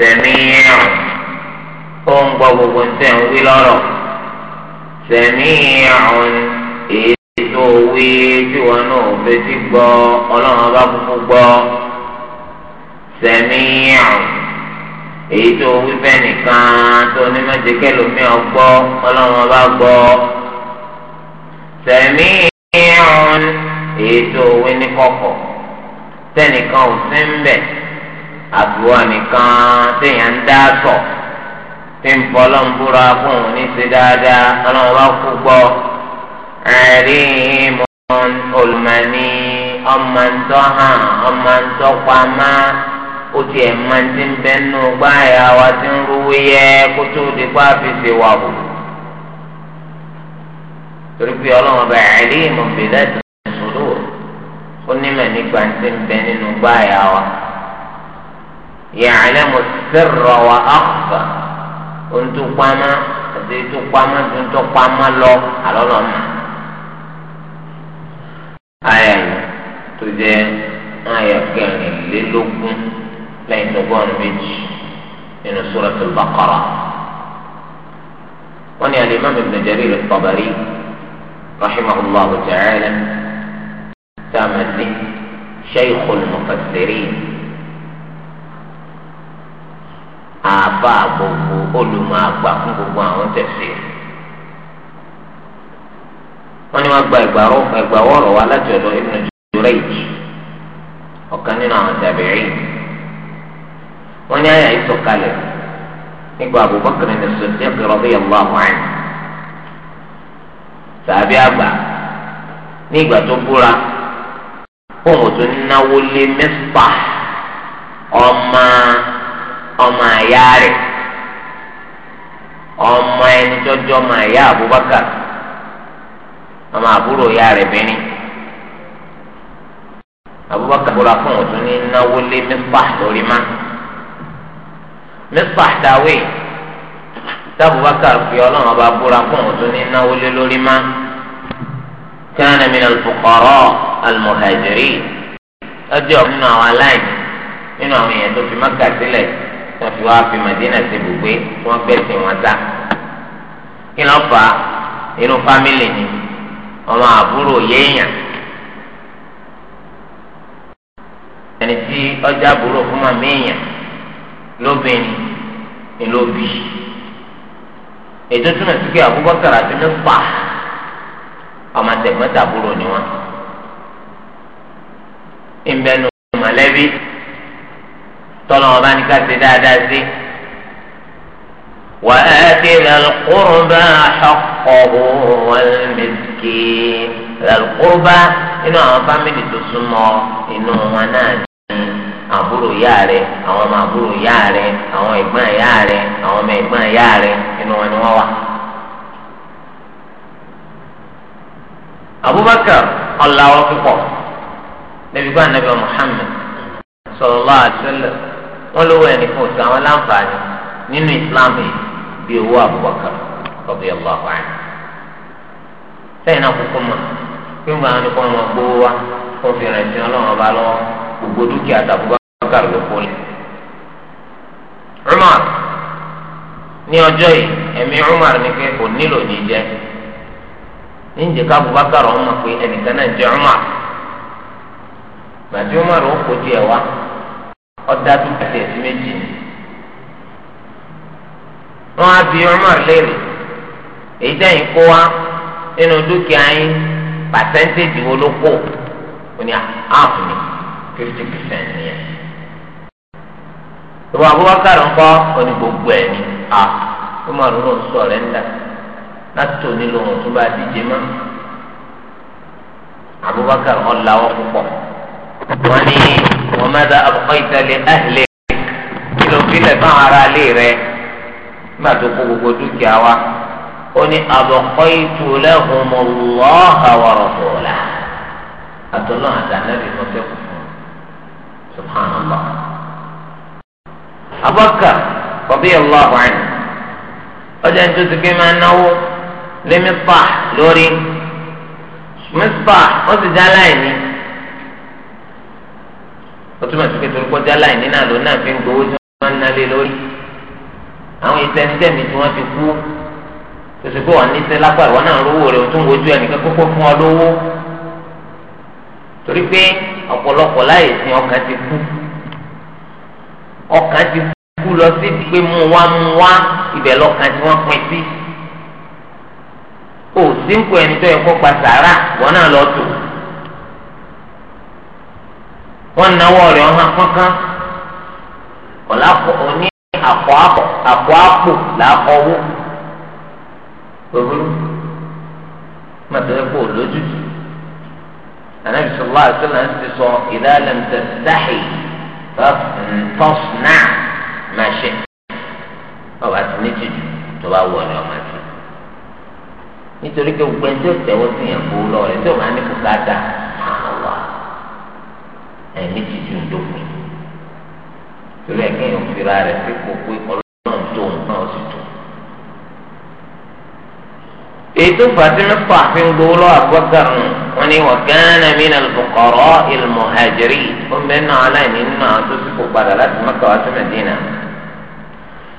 sẹ̀míyàn ó ń gbọ́ gbogbo ń tẹ̀ ń wí lọ́rọ̀ sẹ̀míyàn èyí tó wí tí wọn náà fetí gbọ́ ọlọ́run bá kúkú gbọ́ sẹ̀míyàn èyí tó wí fẹ́ nìkan tó ní mẹ́tẹ́kẹ́ lómi ọgbọ́ ọlọ́run bá gbọ́ sẹ̀míyàn èyí tó ní kọ̀kọ̀ tẹ́nìkan ò sí ń bẹ̀ àbúrò nìkan téèyàn ń dá sọ tí ń bọ́ lọ́n búra fún un ní ṣe dáadáa ọlọ́run bá kú gbọ́ ẹ̀rín olùmọ̀ní ọmọ ntọ́ hàn ọmọ ntọ́ pamá ó tiẹ̀ máa ti ń bẹ́nu gbáyà wa ti ń rúwé yẹ kó tó di pa fi ṣe wà wò torí pé ọlọ́run ọba ẹ̀rín ìmọ̀ bẹ̀rẹ̀ ti ń sọ̀rọ̀ ó ní mẹ̀ nígbà tí ń bẹ nínú gbáyà wa. يعلم السر وأخفى أنتو قاما أنتو قاما أنتو قاما لو على لما آية تجي آية كان للكم لين تقول بيج من سورة البقرة وني الإمام ابن جرير الطبري رحمه الله تعالى تامت شيخ المفسرين àbá gbogbo olùmọ̀ àgbà fún gbogbo àwọn tẹ̀sí wọ́n ní wọ́n gba ẹgbàwọ́ ọ̀rọ̀ wa láti ọ̀dọ̀ Ibn Jurayj ọ̀kan nínú àwọn tàbí'í wọ́n ní àyà ìsọ̀kalẹ̀ nígbà Abubakar ní Siddiq radiyallahu anhu tàbí àgbà ní ìgbà tó búra fóun tó náwó lé mẹ́fà ọmọ ọmọ àyà rẹ̀ ọmọ ẹni jọjọ ọmọ àyà Abubakar ọmọ àbúrò ìyá rẹ̀ bìnrin Abubakar bọlá fún òtún ní náwó lé mẹfà lórí má mẹfà dáwé tábùbákà fi ọlọ́run ọba búra fún òun tó ní náwó lé lórí má kana min al-fuqara al ọjọ́ nínú àwọn aláìní nínú àwọn èèyàn tó fi Mákà sílẹ̀ wọ́n fi wá fi Madina ṣe ibùgbé wọ́n gbẹ̀sìn wọn dá kí ló fà á inú fámìlì ni ọmọ àbúrò yéèyàn ẹni tí ọjà àbúrò fún màmí èèyàn lóbìnrin ni ló bì í ètò túnmọ̀ sí pé Abubakar àti nípa ọmọ tẹ̀gbọ́n tàbúrò ni wọ́n ń mọ̀lẹ́bí tọ́lọ̀ wọn bá ní ká ṣe dáadáa sí. wà á ti lẹ́lùkúrúbá ṣọkọ̀ọ́ wal-miskin lẹ́lùkúrúbá inú àwọn fámìlì tó súnmọ́ inú wọn náà ní àbúrò ìyá rẹ̀ àwọn ọmọ àbúrò ìyá rẹ̀ àwọn ẹ̀gbọ́n ìyá rẹ̀ àwọn ọmọ ẹ̀gbọ́n ìyá rẹ̀ inú wọn ni wọ́n wà. abubakar ọ̀làwọ̀ púpọ̀ nabi bá nabi muhammed sallallahu alaihi wasallam. wọn lówó ẹnìkan òsì àwọn nínú islam yìí owó Abubakar ọ anhu sẹ́yìn náà kúkú anyị. pé mo àwọn nìkan wọn gbówó wa kó fi rìn ọba gbogbo dúkìá tàbúbakar ló kó Umar ní ọjọ́ yìí ẹ̀mí Umar pé kò nílò ní jẹ́ Abubakar ọmọ pé ẹnìkan náà jẹ́ Umar Umar ó kó tiẹ̀ wá. ọ̀dà tó ti tẹ̀sí méjì ni. wọ́n á bi Umar léèrè èyí tẹ̀yìn kó wa nínú dúkìá yín pàṣẹ́ntéèjì wo ló kó o ní ààfù ní fifty percent nìyẹn. ìwà Abubakar ńkọ́ òní gbogbo ẹ̀ ní a Umar ló ń sọ rẹ̀ ńlá láti tò nílò ohun tó bá díje mọ́ Abubakar ọ̀ lawọ́ púpọ̀ wọ́n ní wọ́n mẹ́ta àbùkọ́ ìtẹ̀lẹ̀ ẹ̀hìlẹ̀ kí ló fi lẹ̀ fún ara lé rẹ̀ nígbà tó kó gbogbo dúkìá wa ó ní àbùkọ́ ìtúlẹ̀ ọmọlúwọ́ àwọ̀rọ̀ fòlà àtọ́lọ́ àtàlẹ́bí mọ́ sẹ́kù fún subhanallah. abọ́kà kọ̀bí ọlọ́ọ̀bù àná ọjà tó ti gbé máa náwó lé mísbà lórí mísbà ó sì já láì ní ó túmọ̀ sí pé torí kọjá láì nínú àlọ́ náà fi ń gbowó tí wọ́n ń nálé lórí àwọn ìtẹ́sítẹ́mì tí wọ́n ti kú tòṣù pé wọ́n ní sẹ́ lápá ìwọ náà rówó rẹ̀ ó tún wojú ẹnìkan kókó fún ọ lówó torí pé ọ̀pọ̀lọpọ̀ láì sin ọkàn ti kú ọkàn ti kú lọ sí pé mú wá mú wá ibẹ̀ lọ́kàn tí wọ́n pín sí òsínkù ẹni tó yẹ kó pa sàárà wọ́n náà lọ tò wọ́n náwó rẹ̀ ọ̀hán kankan kọ̀lá òní àpò àpò àpò àpò làákọ̀wó gbogbo mọ̀tẹ́lẹ́ kò lójútì anabi sọlá àtúnlá ti sọ ìdálẹ̀ ntẹ̀dáhì tọ́snà màṣẹ ọba ti ní tìjú tó bá wọ ọ̀rẹ́ ọmọ ti nítorí pé gbẹ̀ǹdẹ̀ tẹ̀wọ́ sí yẹn kó lọ rẹ̀ tí ò máa ní kó ká dáa. torí ẹ̀ fi ra rẹ̀ fi kó pé ọlọ́run tó nǹkan ọ̀sìn tó. ètò fàtírẹ́ fà fi ń gbowó lọ́wọ́ àgbọ̀gàrún wọn ni wọ́n gánà mí nà lùkọ̀rọ̀ ìlmùhàjírí ó ń bẹ náà aláìní nínú àwọn tó ti kó padà láti má kàwá sí Mẹ́dínà.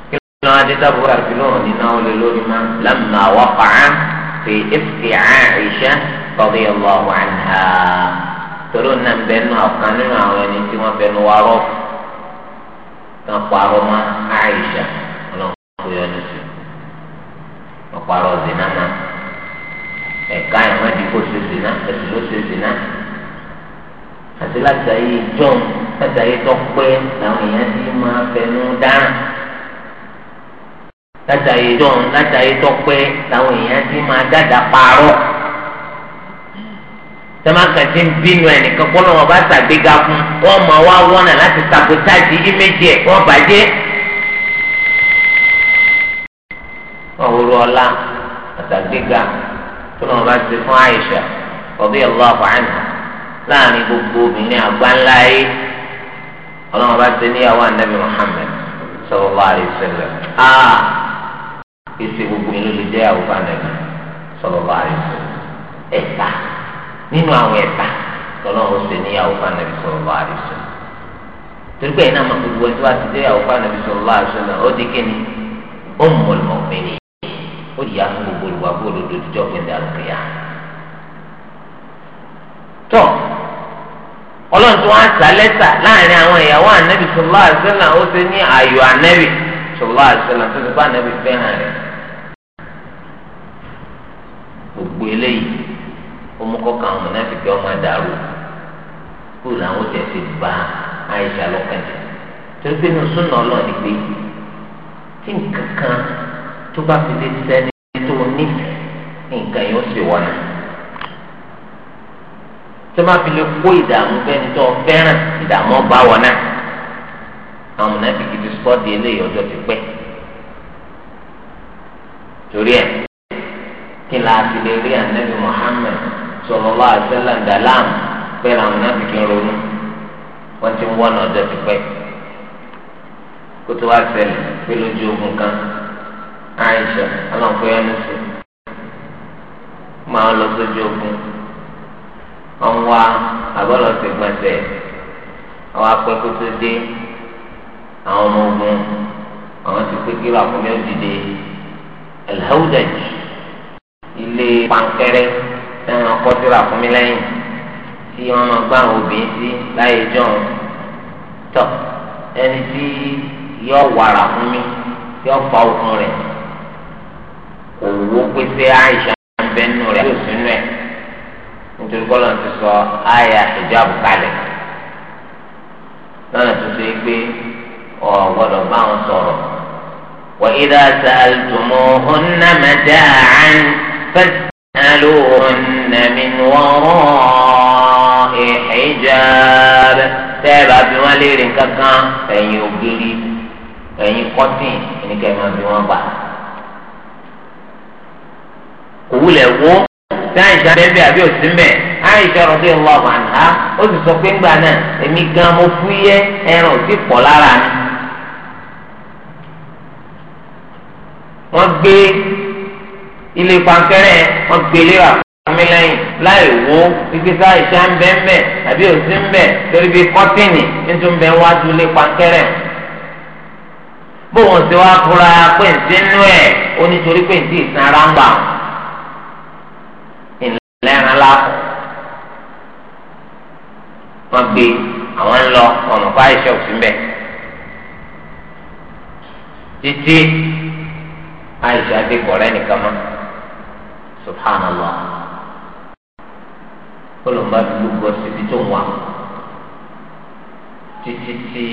kí ló ń adé dábò àfi lóhùn nínú àwọn olè lórí máa lámà wá pàá fi ìfì Àìṣà radiyallahu anha torí ó nà ń bẹ nù àwọn nínú àwọn ẹni tí wọ́n bẹ nù wá wọn parọ́ Aisha Ọlọ́run kò yọ ní sí wọn parọ́ zina mọ́ ẹka ẹwọn ẹdí kò ṣe zina ẹsùn ló ṣe zina àti láti ayé John láti ayé tọpẹ làwọn èèyàn ti máa fẹnu dáná láti ayé John láti ayé tọpẹ làwọn èèyàn ti máa dáadáa parọ́ sẹ́máka ti ń bínú ẹ̀ nìkan kó lọ́wọ́ bá ṣàgbéga fún wọ́n mọ̀ wá wọ́nà láti sabotage ìméjì ẹ̀ wọ́n bàjẹ́. ọ̀húrú ọlá àtàgbéga tó lọ́wọ́ bá ti fún Àìṣà radiyallahu anha láàrin gbogbo obìnrin àgbáńlá yìí ọlọ́wọ́ bá ti níyàwó ànábì Muhammad sallallahu alaihi wasallam a kìí ṣe gbogbo ìlú lè jẹ́ àwòkọ́ ànábì sallallahu alaihi wasallam ẹ̀ka. nínú àwọn ẹ̀ta tọ́lọ́run ṣe níyàwó fún sọ̀rọ̀ lọ́wọ́ àdìsọ. torí iná ti dé sọ̀rọ̀ lọ́wọ́ àdìsọ náà ó di kíni ó ń mọ̀ lọ́mọ mẹ́rin ó yà fún gbogbo olùwà gbòòrò dojújọ́ pé ní àlùkìyà. tọ́ ọlọ́run tí wọ́n sá lẹ́sà láàrin àwọn ìyàwó anabi sọ̀rọ̀ lọ́wọ́ àdìsọ náà ó ṣe ní omukọka ọmọ náà fi kẹ ọmọ dàrú kó làwọn tẹ fi ba àyíṣà lọkànjẹ torí pé inú súnà ọlọ́ọ̀ni pé tí nǹkan kan tó bá fi lè sẹ́ni tó nífẹ̀ẹ́ nǹkan yóò ṣe wọ́n náà tó bá fi lè kó ìdààmú bẹ́ni tó fẹ́ràn ìdààmú ọba wọ́n náà àwọn náà fi kìdí sọ́ọ̀dì eléyìí ọjọ́ ti pẹ́ torí ẹ̀ kí la fi lè rí ànábì Muhammad sọlọ́lá àṣẹlẹ̀ ńdàlám bẹ́ẹ̀ làwọn náà fi kí n ronú wọ́n ti ń wọ́n náà dẹ̀ tipẹ́ kótó wá ṣẹlẹ̀ pé lójú ogun kan àìṣà ọlọ́nkọ́ yẹn ló ṣe máa lọ sójú ogun wọ́n wá àbọ̀lọ̀ àwọn akpẹ́kótó dé àwọn ọmọ ogun àwọn ti pé kí wàá fún mi ó dìde alhawdaj ilé pankẹrẹ ẹnu ọkọtìrà fún mi lẹ́yìn tí wọ́n máa gbá àwọn obìnrin sí láyé jọ̀hún tọ̀ ẹni tí yọ wàrà fún mi yọ fa okun rẹ̀ òwò pèsè àìsàn bẹ́ẹ̀nù rẹ̀ yóò sínú ẹ̀ nítorí kọ́lọ̀ ti sọ àyà ìjáàbù kalẹ̀ lọ́nà tó ṣe pé ọ̀ gbọ́dọ̀ bá wọn sọ̀rọ̀ wọ́n ìdá sàlùtùmọ̀ ọ̀nàmẹ́dá àán fẹ́ẹ́. يسألون من وراء حجاب tẹ́ẹ̀bà bí wọ́n léèrè kankan ẹ̀yìn ògiri ẹ̀yìn kọ́tìn ẹ̀nìkẹ́mọ̀ bí wọ́n gbà. kò wúlẹ̀ wó sáyẹ̀nsì abẹ́bẹ́ àbí òsínbẹ̀ àyíṣẹ́ rọ̀bí ọlọ́ọ̀bù àná ó sì sọ pé ńgbà náà èmi gan mo fúyẹ́ ẹran ò sì pọ̀ lára mi. wọ́n gbé ilé pankẹ́rẹ́ wọn gbélé wa mi lẹ́yìn láì wo ìgbésà ìṣá ń bẹ́ ń bẹ́ tàbí òsì ń bẹ́ torí bíi kọ́tìnì nítorí bẹ́ẹ̀ wájú ilé pankẹ́rẹ́ bóun ṣe wá fura pé ń ti nú ẹ̀ ó nítorí pé ń ti ìsan ara ń gbà ìlẹ́ran láàpọ̀ wọn gbé àwọn ń lọ ọ̀nà fáyé ṣọ́ọ̀ṣì ń bẹ̀ títí àìsàn àti kọ̀ọ̀rẹ́ nìkan mọ́ subhanallah kọlọmọba ti gbogbo síbi tó ń wà títí tí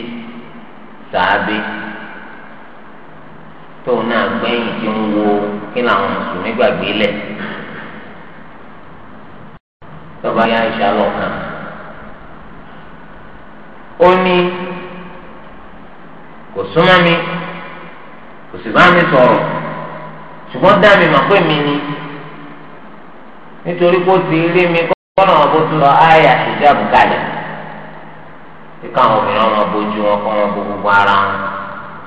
sàábé tóun náà gbẹ̀yìn tí ń wo kí làwọn mùsùlùmí gbàgbé lẹ̀ tọ́ba yá ìṣá lọ́kàn ó ní kò súnmọ́ mi kò sì bá mi sọ̀rọ̀ ṣùgbọ́n dá mi mà pé mi ni nítorí kó ti rí mi kọ́nà wọn bó tún lọ àyà ìjáàbù kalẹ̀ bí káwọn obìnrin wọn bójú wọn kọ́ wọn bó gbogbo ara wọn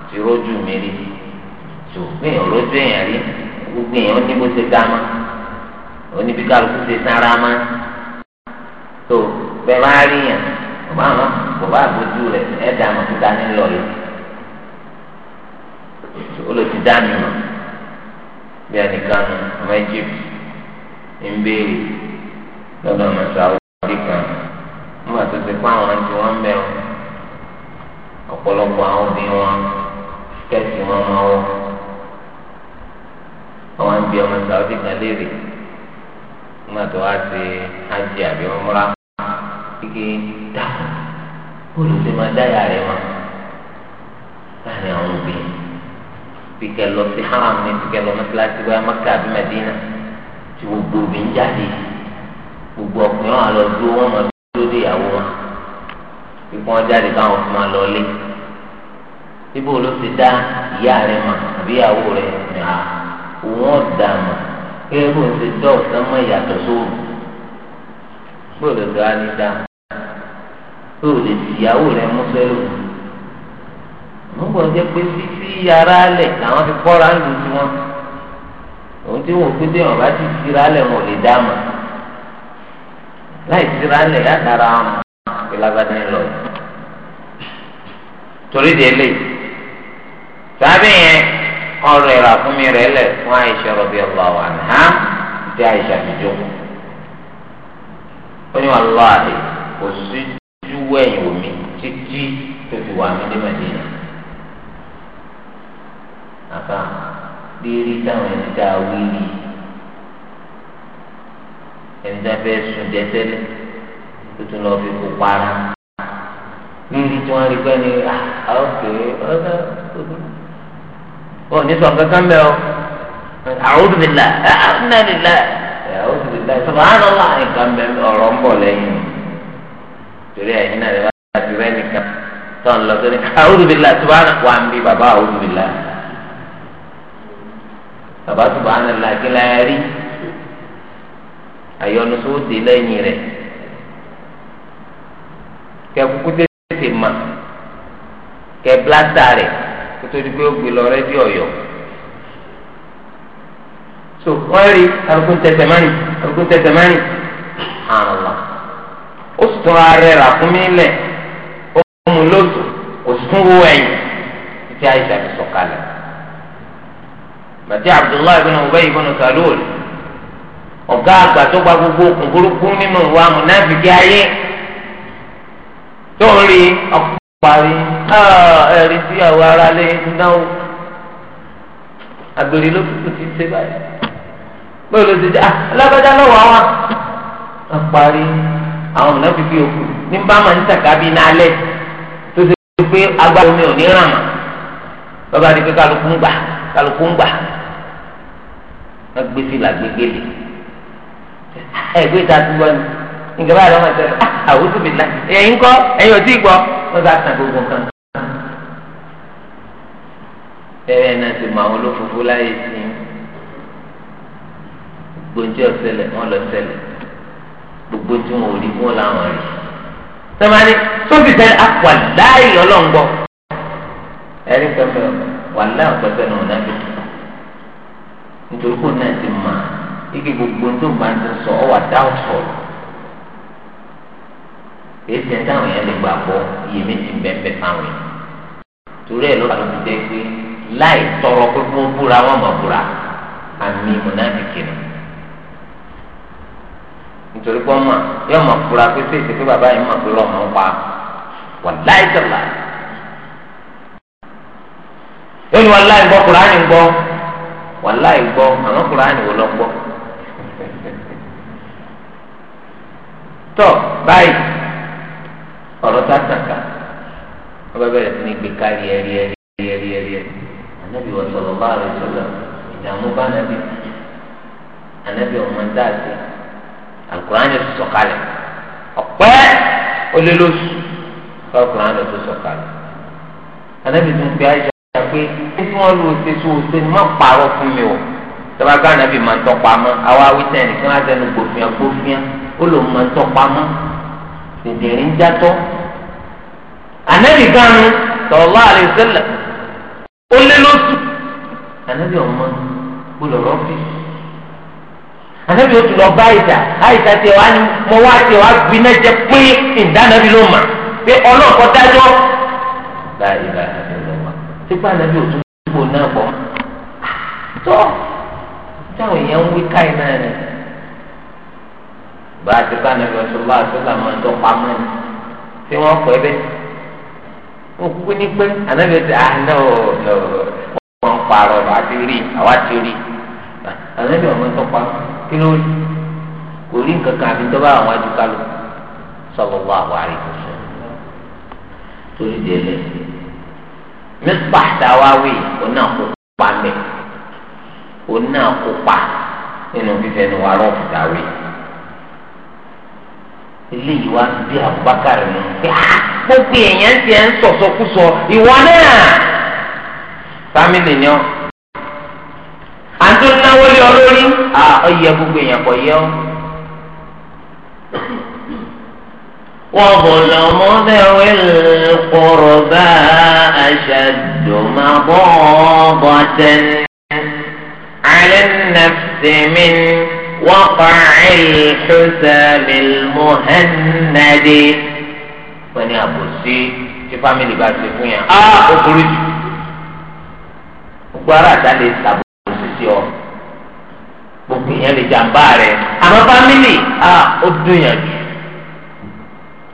ti rójú mi rí tó gbìyànjú rójú èèyàn rí gbogbo èèyàn ní bó ṣe dá ma oníbi kálukú ṣe sára ma tó bẹ́ẹ̀ bá rí yàn bàbá àmọ́ bàbá àbójú rẹ̀ ẹ̀ dá ma tó dání lọ yìí ó dání ma bí ẹnìkan ọmọ Egypt ń béèrè lọ́dọ̀ mọ̀sáwó kan nígbà tó ti pa àwọn tí wọ́n ń bẹ̀rù ọ̀pọ̀lọpọ̀ àwọn obìnrin wọn kẹ́sì wọn máa wọ́ àwọn ń bí ọmọ sáwọ́dì kan léèrè nígbà tó wá sí hajj àbí ọmọra kíkẹ́ dá olùsè máa dáyà rẹ̀ wọn láàrin àwọn obìnrin bí kẹ́ lọ sí haram ní bí kẹ́ lọ mọ́tíláṣí bá Mẹ́kà àbí Mẹ́dínà tí gbogbo mi ń jáde gbogbo ọkùnrin wọn lọ dúró wọn máa dúró dé ìyàwó wọn ipò wọn jáde káwọn fún wọn lọ lé ibo ló ti dá ìyá rẹ mà àbí ìyàwó rẹ nà wọn dà mà kéé bó ti dọ̀ sánmọ́ ìyàtọ̀ sóòrùn gbọ́dọ̀ tó á ní dá tó o lè ti ìyàwó rẹ mú sẹ́lò nígbà tó jẹ́ pé títí yàrá lẹ̀ làwọn fi kọ́ra ń lu tiwọn òun tí wọn pété wọn bá ti tira lẹ wọn ò lè dá mà láì tira lẹ yàtara àmọ́ ìlàgbàdàn lọ torí de lè sábẹ yẹn ọ̀rọ̀ ìrà fún mi rẹ lẹ fún Aisha radiyallahu anha tí Aisha fi jókòó ó ní wọn lọ àlè kò sí ju ẹ̀yìn omi títí tó fi wà mí ní Madina déédéé táwọn ẹni tá a wí ni ẹni tá a fẹ́ sùn jẹ tẹ́lẹ̀ tó tún lọ́ọ́ fi kó para rírí tí wọ́n rí pẹ́ ni àókè ọ̀dọ́ ọ̀ ní sọ kankan bẹ́ẹ̀ o àwùjọ bí la àwùjọ bí la àwùjọ bí la sọ̀rọ̀ àlọ́ nǹkan bẹ́ẹ̀ ọ̀rọ̀ ń bọ̀ lẹ́yìn torí ẹ̀yin náà lè wá àti rẹ́ nìkan tó ń lọ sórí àwùjọ bí la sọ̀rọ̀ wà ń bí bàbá àwùjọ bí la bàbá subahana làkè la rí àyọnu tó dé lẹ́yìn rẹ̀ kẹ kúkú tètè mà kẹ blasta rẹ̀ kótó di pé ó gbé lọ rẹ́dí ọ̀yọ́ so wọ́n rí alùpùpù tẹ̀tẹ̀ mánì alùpùpù tẹ̀tẹ̀ mánì àlà ó sì tún ara rẹ̀ rà fún mi lẹ̀ ó mú lóṣù kò sí tún wo ẹ̀yìn títí àìsàn fi sọ̀kalẹ̀ gbàtí abdullahi bin ubay bin salul ọ̀gá àgbà tó gba gbogbo okùn burúkú nínú ìwà amúnáfíkì ayé tó ń rí ọ̀parí ah, ẹ̀rí sí àwọn aráalé náwó agbèrè ló kúkú ti ṣe báyìí bóyá ló ti dá ah, alábàjá lọ́wọ́ àwọn ọ̀parí àwọn amúnáfíkì òkú ní bá máa ń tàkàbí náà lẹ̀ tó ṣe pé agbára omi ò ní ràn mọ́ bàbá àdìgbé kálukú ń gbà kálukú ń gbà wọn gbé sí làgbégbé lè ẹgbẹ ìta ti wọ ni nǹkan báyìí lọ́mọ ìṣẹ̀lẹ̀ ah, àwùjọ mi là ẹ̀yin kọ́ ẹ̀yin ò tí ì gbọ́ wọ́n bá tàn gbogbo nǹkan. bẹ́ẹ̀ náà ti mọ àwọn olófòfó láyé sí gbòǹjẹ́ ọ̀sẹ̀lẹ̀ wọn lọ sẹlẹ̀ gbogbo tí wọn ò rí fún làwọn rí. sọ́mání sófì ah, sẹ́ni àpò àdáyé ọlọ́ngbọ́ ẹ̀rí pẹ́pẹ́ wàlẹ́ ọ̀pẹ́pẹ́ náà náà nítorí kó náà ti mà igi gbogbo tó ń bá ń sọ ọ wà dáhùn sọ̀rọ̀ èyí tẹ táwọn yẹn lè gbà bọ iye méjì bẹ́ẹ̀ fáwọn yẹn torí ẹ̀ ló bá lóbi dé pé láì tọrọ pé kí wọ́n búra wọ́n mọ̀ búra àmì mọ̀nàmìkì nù nítorí pé ọmọ yóò mọ̀ fura pé sí ìsìnkú bàbá yìí mọ̀ pé lọ́mọ ń pa wà láì tẹ̀lá. ó ní wọn láì gbọ́ kúránì ń gbọ́ wàláì gbọ́ àmọ́ kúránì wò lọ gbọ́. tọ́ báyìí ọ̀rọ̀ tá a tàkà wọ́n bá bẹ̀rẹ̀ sí ní gbé kárí ẹ̀rí ẹ̀rí ẹ̀rí ẹ̀rí ẹ̀rí ànábì wọ́n sọ̀rọ̀ bá rẹ̀ sọ̀rọ̀ ìdààmú bá ànábì ànábì ọ̀mọ dáàsì àkùránì tó sọ̀kalẹ̀ ọ̀pẹ́ olólùsù kọ́ àkùránì tó sọ̀kalẹ̀ ànábì tó gbé àj sọ pé tí wọ́n lu ose tó ose ni má parọ́ fún mi o tọ́ba ká nàbì máa tọ́ pamọ́ àwa awísẹ́ nìkan wá sẹ́nu gbòfin agbófin ó lòun máa tọ́ pamọ́ dèdèrè ń jatọ́ ànábì gánu sallallahu alaihi wasallam ó lé lóṣù ànábì ọmọ gbọ́dọ̀ rọ́ọ̀fì ànábì ó tún lọ bá àyíṣà àyíṣà tiẹ̀ wá ní mo wá tiẹ̀ wá gbinájẹ pé ìdánábì ló mà pé ọlọ́ọ̀kọ́ dájọ́ láì láì sípà nàbí òtún gbò náà bọ̀ tó táwọn èèyàn ń wí káyìí náà ni bá a ti bá nàbí ọ̀tún bá a tó là máa ń tọ́ pamọ́ ni tí wọ́n pẹ́ bẹ́ẹ̀ wọ́n kúkú ní pé ànábì ti à nọ nọ wọ́n parọ́ àti rí àwa ti rí ànábì ọ̀mọ́ tó pa kí ló rí kò rí nǹkan kan àfi tó bá àwọn ajúkálù sọ̀rọ̀ wà wà rí kò sọ torí délé nípa tàwáwí ọ̀nà kópa mẹ́ ọ̀nà kópa nínú fífẹ́ ní wàrà ọ̀fùtàwí. eléyìí wá bí Abubakar mú ah, gbogbo èèyàn ti ẹ̀ ń sọ̀sọ̀kúsọ ìwọ náà fámìlì ni ọ́ àti náwó lé ọ lórí ọ̀yẹ gbogbo èèyàn kọ̀ yẹ ọ́. وظلم ذوي القربى أشد مضاضة على النفس من وقع الحسام المهند wọ́n ní àbòsí tí fámìlì bá ti fún yẹn á ó burú jù gbogbo ara àdá lè ṣàbòsí sí ọ gbogbo yẹn lè jàǹbá rẹ àmọ́ fámìlì á ah, ó dùn yàn jù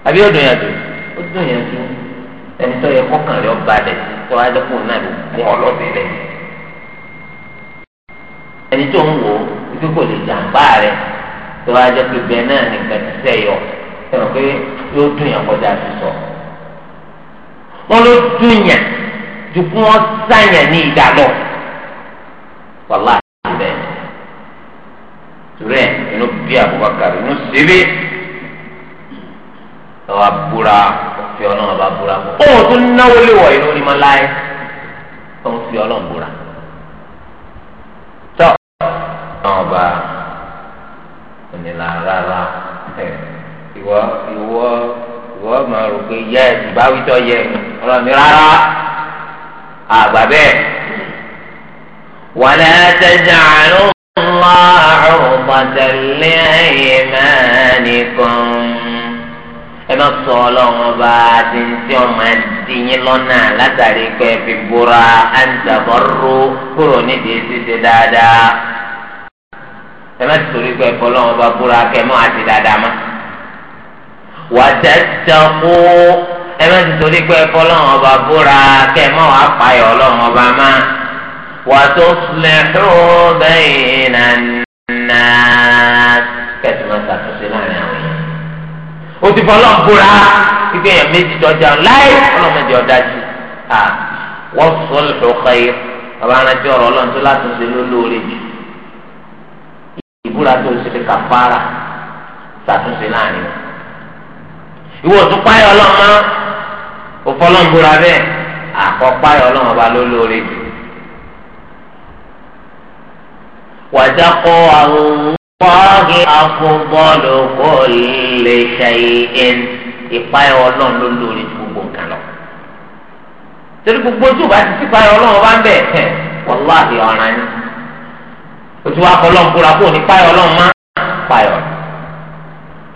àbí ó dùn yàn jù ó dùn yàn jù ẹni tó yẹ kọ́kàn rẹ̀ ọba rẹ̀ tó adẹ́kùn náà ló mú ọlọ́bẹ̀ rẹ̀ ẹni tó ń wò ó ibi kò lè jàǹbá rẹ̀ tó adẹ́kùn bẹ́ẹ̀ náà nìkan ti sẹ́yọ ẹ̀rọ pé yóò dùn yàn kọjá ti sọ wọn ló dùn yàn ju kí wọn sàyàn ní ìdá lọ wàláhì bẹ́ẹ̀ torí inú bí Abubakar inú síbi lọ́wọ́ abúra fi ọlọ́run bá búra òun tún náwó lè wọ̀ inú ni máa láyé òun fi ọlọ́run búra. tọ́ ọ̀nà ọba onílà rárá ìwọ ìwọ ìwọ máa rò pé yẹ ìbáwítọ́ yẹ ọlọ́run mi rárá àgbà bẹ́ẹ̀ wàlẹ́ àtẹ̀jẹ̀ àánú ńlá àrùn pàtẹ́lẹ́ ẹ̀yẹ mẹ́rin kan ẹ má sọ ọlọ́run ọba àti tí ọmọ àdìyín lọ́nà látàrí pé fi búra àǹtàbọ̀rú kúrò nídìí ṣíṣe dáadáa ẹ má torí pé ọlọ́run ọba búra kẹmọ́ àti dáadáa má. wàtẹ́tẹ́kù ẹ má torí pé ọlọ́run ọba búra kẹmọ́ àpáyọ̀ ọlọ́run ọba má. wàtúnṣlẹ̀ṣọ́ bẹ́ẹ̀ náà kẹsìmọ́ta tó ṣe láàrin àwọn èèyàn o ti fọlọ́ búra ibi èèyàn méjì dọ́jà láì ọlọ́mọdé ọ̀dá jù à wọ́n sọ lọ́kọ̀ yìí bàbá arántí ọ̀rọ̀ ọlọ́run tó láti ṣe lólóore jù ìbúra tó ṣe kàfàrà ṣàtúnṣe láàrin ìwọ tún páyọ ọlọ́mọ òfọlọ́n búra bẹ́ẹ̀ àkọ́ páyọ ọlọ́mọ bá lólóore jù wàjà kọ́ àwọn Wọ́n afọ́gbọ́dọ̀ kò lè ṣe ẹn ìpayà ọlọ́run ló lórí gbogbo nǹkan lọ. Torí gbogbo ojú bá ti ti payà ọlọ́run bá ń bẹ̀ ẹ̀ wàláhì ọ̀ràn ni. Ojú wa kọ́ lọ́n kúra kó ní payà ọlọ́run má payà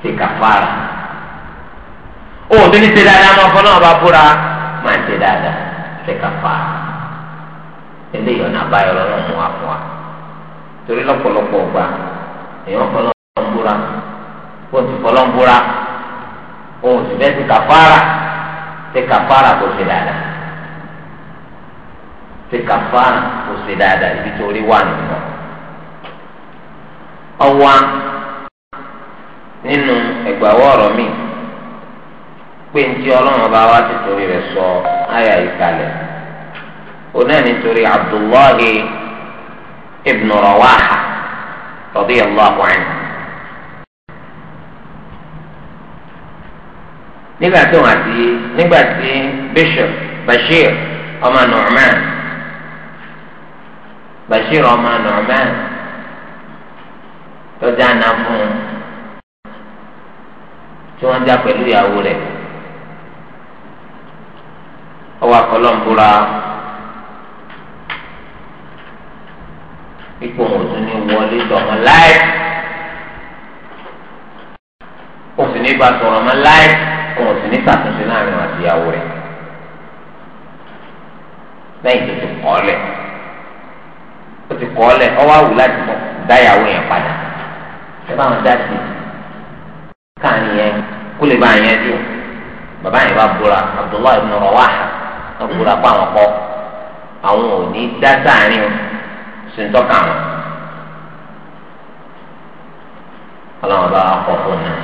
ti kàfàrà. Ó ò ní ṣe dáadáa máa fọ́ náà bá kúra máa ṣe dáadáa ti kàfàrà. Eléyìí ọ̀nà àbáyọ̀ ọlọ́run mú wa wa. Torí lọ́pọ̀lọpọ̀ gbà èèyàn fọlọ́ ń búra kó o ti fọlọ́ ń búra òun sì fẹ́ ti kàfàrà ti kàfàrà kò ṣe dáadáa ti kàfàrà kò ṣe dáadáa ibi tó rí wà nínú ọwọ́ nínú ẹgbàwọ́ ọ̀rọ̀ mi pé ntí ọlọ́run ọba wa ti torí rẹ̀ sọ àyà ìkàlẹ̀ onáà nítorí Abdullahi ibn Rawaha radiyallahu anhu. nígbà tó wọn àti nígbà tí bishop bashir ọmọ nu'man bashir ọmọ nu'man tó dáná fún un tí wọn já pẹ̀lú ìyàwó rẹ̀ ọwọ́ akọlọ ń búra. ipò wọn tún ní wọlé dọ̀mọ́ láì kò sì ní bá sọ̀rọ̀ mọ́ láì kò sì ní sàtúnṣe láàrin àtìyàwó rẹ̀ lẹ́yìn tó ti kọ́ lẹ̀ ó ti kọ́ lẹ̀ ọwọ́ àwù láti mọ̀ dáyàwó yẹn padà ẹ bá wọn dá sí káàní yẹn kó lè bá yẹn jù bàbá yẹn bá búra Abdullahi ibn Rawaha wọn búra pa àwọn kọ àwọn ò ní dá sáàrin o ṣe ń tọ́ka wọn. ọlọ́run bá kọ́ fún un náà.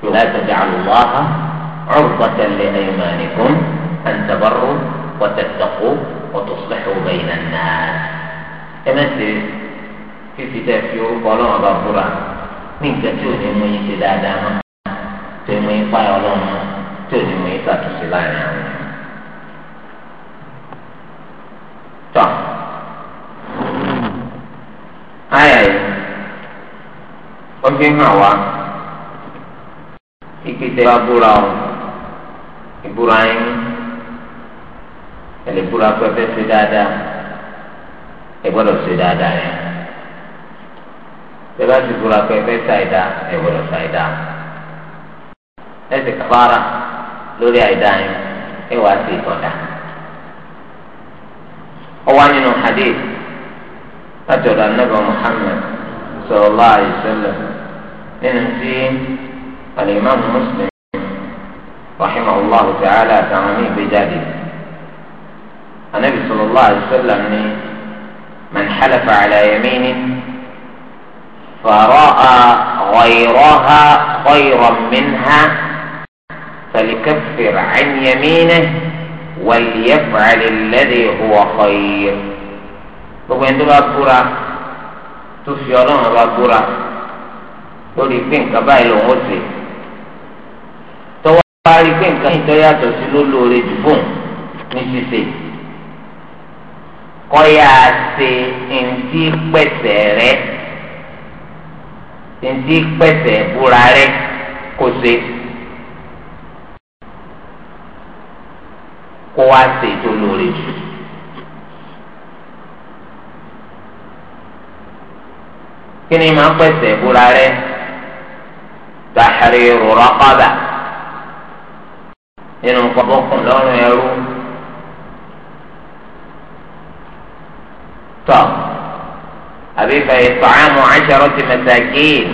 yóò láì tọ́jú àlùbọ́sà ọ̀rùkọ́ tẹ̀lé ẹ̀yìn màá nìkún àǹtàbọ̀rù wọ́tẹ̀tẹ̀kù wọ́tọ̀sọ̀lẹ̀hù bẹ̀yìn náà. ẹ má ṣe fífi tẹ́ fi orúkọ ọlọ́run bá fúra ní nǹkan ò ní mú yín ṣe dáadáa mọ́ tó ní mú yín páyọ̀ ọlọ́run tó ní mú yín ṣàtúnṣe láàrin àwọn àyà yìí wọ́n fi hàn wa búra ọ̀ ìbúra yín ẹ̀lẹ́ búra pẹ́pẹ́ ṣe dáadáa ẹ gbọ́dọ̀ ṣe dáadáa yẹn bẹ́ẹ̀ bá ti búra pẹ́pẹ́ ṣàìdá ẹ gbọ́dọ̀ ṣàìdá látọ̀dọ̀ anábà Muhammad sallallahu alaihi wasallam nínú tí alimami Muslim rahimahullahu ta'ala àtàwọn ní ìgbéjáde anábì sallallahu alaihi wasallam ní man halafa ala yamini fara'a ghayraha khayran minha falikafir an yaminihi وليفعل الذي هو خير gbogbo ẹni tó bá búra tó fi ọlọ́run ọba búra lórí pé nǹkan báyìí lòun ó ṣe tọ́wọ́ bá rí pé nǹkan yìí tó yàtọ̀ sí ló lóore jù fóun ní ṣíṣe kọ́yà ṣe ntí pẹ̀sẹ̀ rẹ ntí pẹ̀sẹ̀ búra rẹ kò ṣe kó wá ṣe tó lóore jù. kí ni máa ń pèsè ìbúra rẹ̀ tahriru raqaba nínú kọ́bọ́kùn lọ́rùn ẹrú tọ́ àbí fẹ̀yẹ̀ ta'amu asharati masakin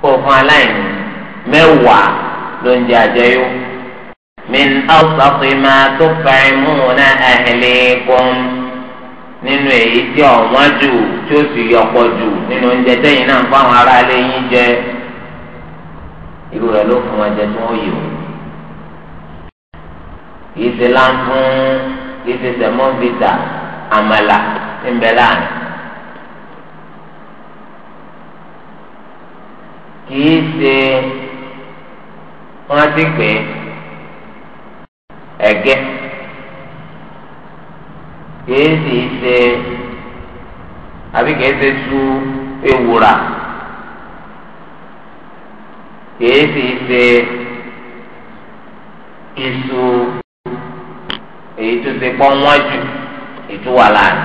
kó fún aláìní mẹ́wàá ló ń jẹ àjẹyó min awsati ma tut'imuna nínú èyí tí ọ̀wọ́n jù tí ó sì yọpọ̀ jù nínú oúnjẹ tẹ́yìn náà fáwọn aráalé yín jẹ irú rẹ̀ ló fún wọn jẹ tí wọ́n yìí o kì í ṣe láǹfún kì í ṣe tẹ̀mọ́fìtà àmàlà ńbẹ láàrin kì í ṣe wọ́n ti pè é ẹ̀gẹ́. kìí ise, ṣe àbí kìí ṣe tú ewùrà ṣe iṣu èyí tó ṣe pọ́n wọ́n jù ìtúwà láàrin.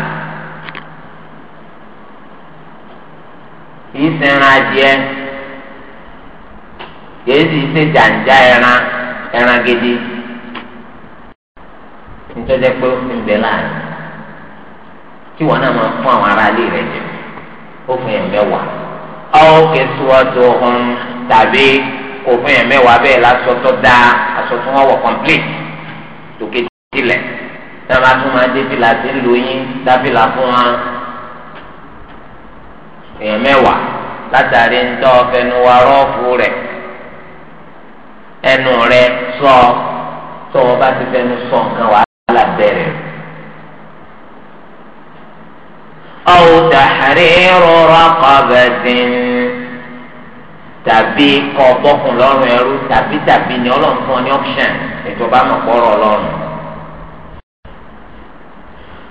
kìí ṣe adìẹ kìí ṣe jàǹjà ẹran ẹran gidi pé ń kí wọn náà máa fún àwọn aráalé rẹ jẹ ó fún yẹn mẹ́wàá ọ́ kẹsíwájú ọ̀hún tàbí kò fún yẹn mẹ́wàá bẹ́ẹ̀ lásọ tó dáa aṣọ tó wọ́n wọ̀ complete tòkè tilẹ̀ náà máa tún máa dé fìlà sí lóyún dábìlà fún wa èèyàn mẹ́wàá látàrí ńtọ́ fẹnu wa rọ́ọ̀fù rẹ̀ ẹnu rẹ̀ sọ tó bá ti fẹnu sọ nǹkan wàhálà bẹ̀rẹ̀ أو تحرير رقبة tàbí kọ bọ́kùn lọ́rùn ẹrú tàbí tàbí ni ọlọ́run fún ọ ní option ìjọba mọ̀ pọ̀rọ̀ ọlọ́run.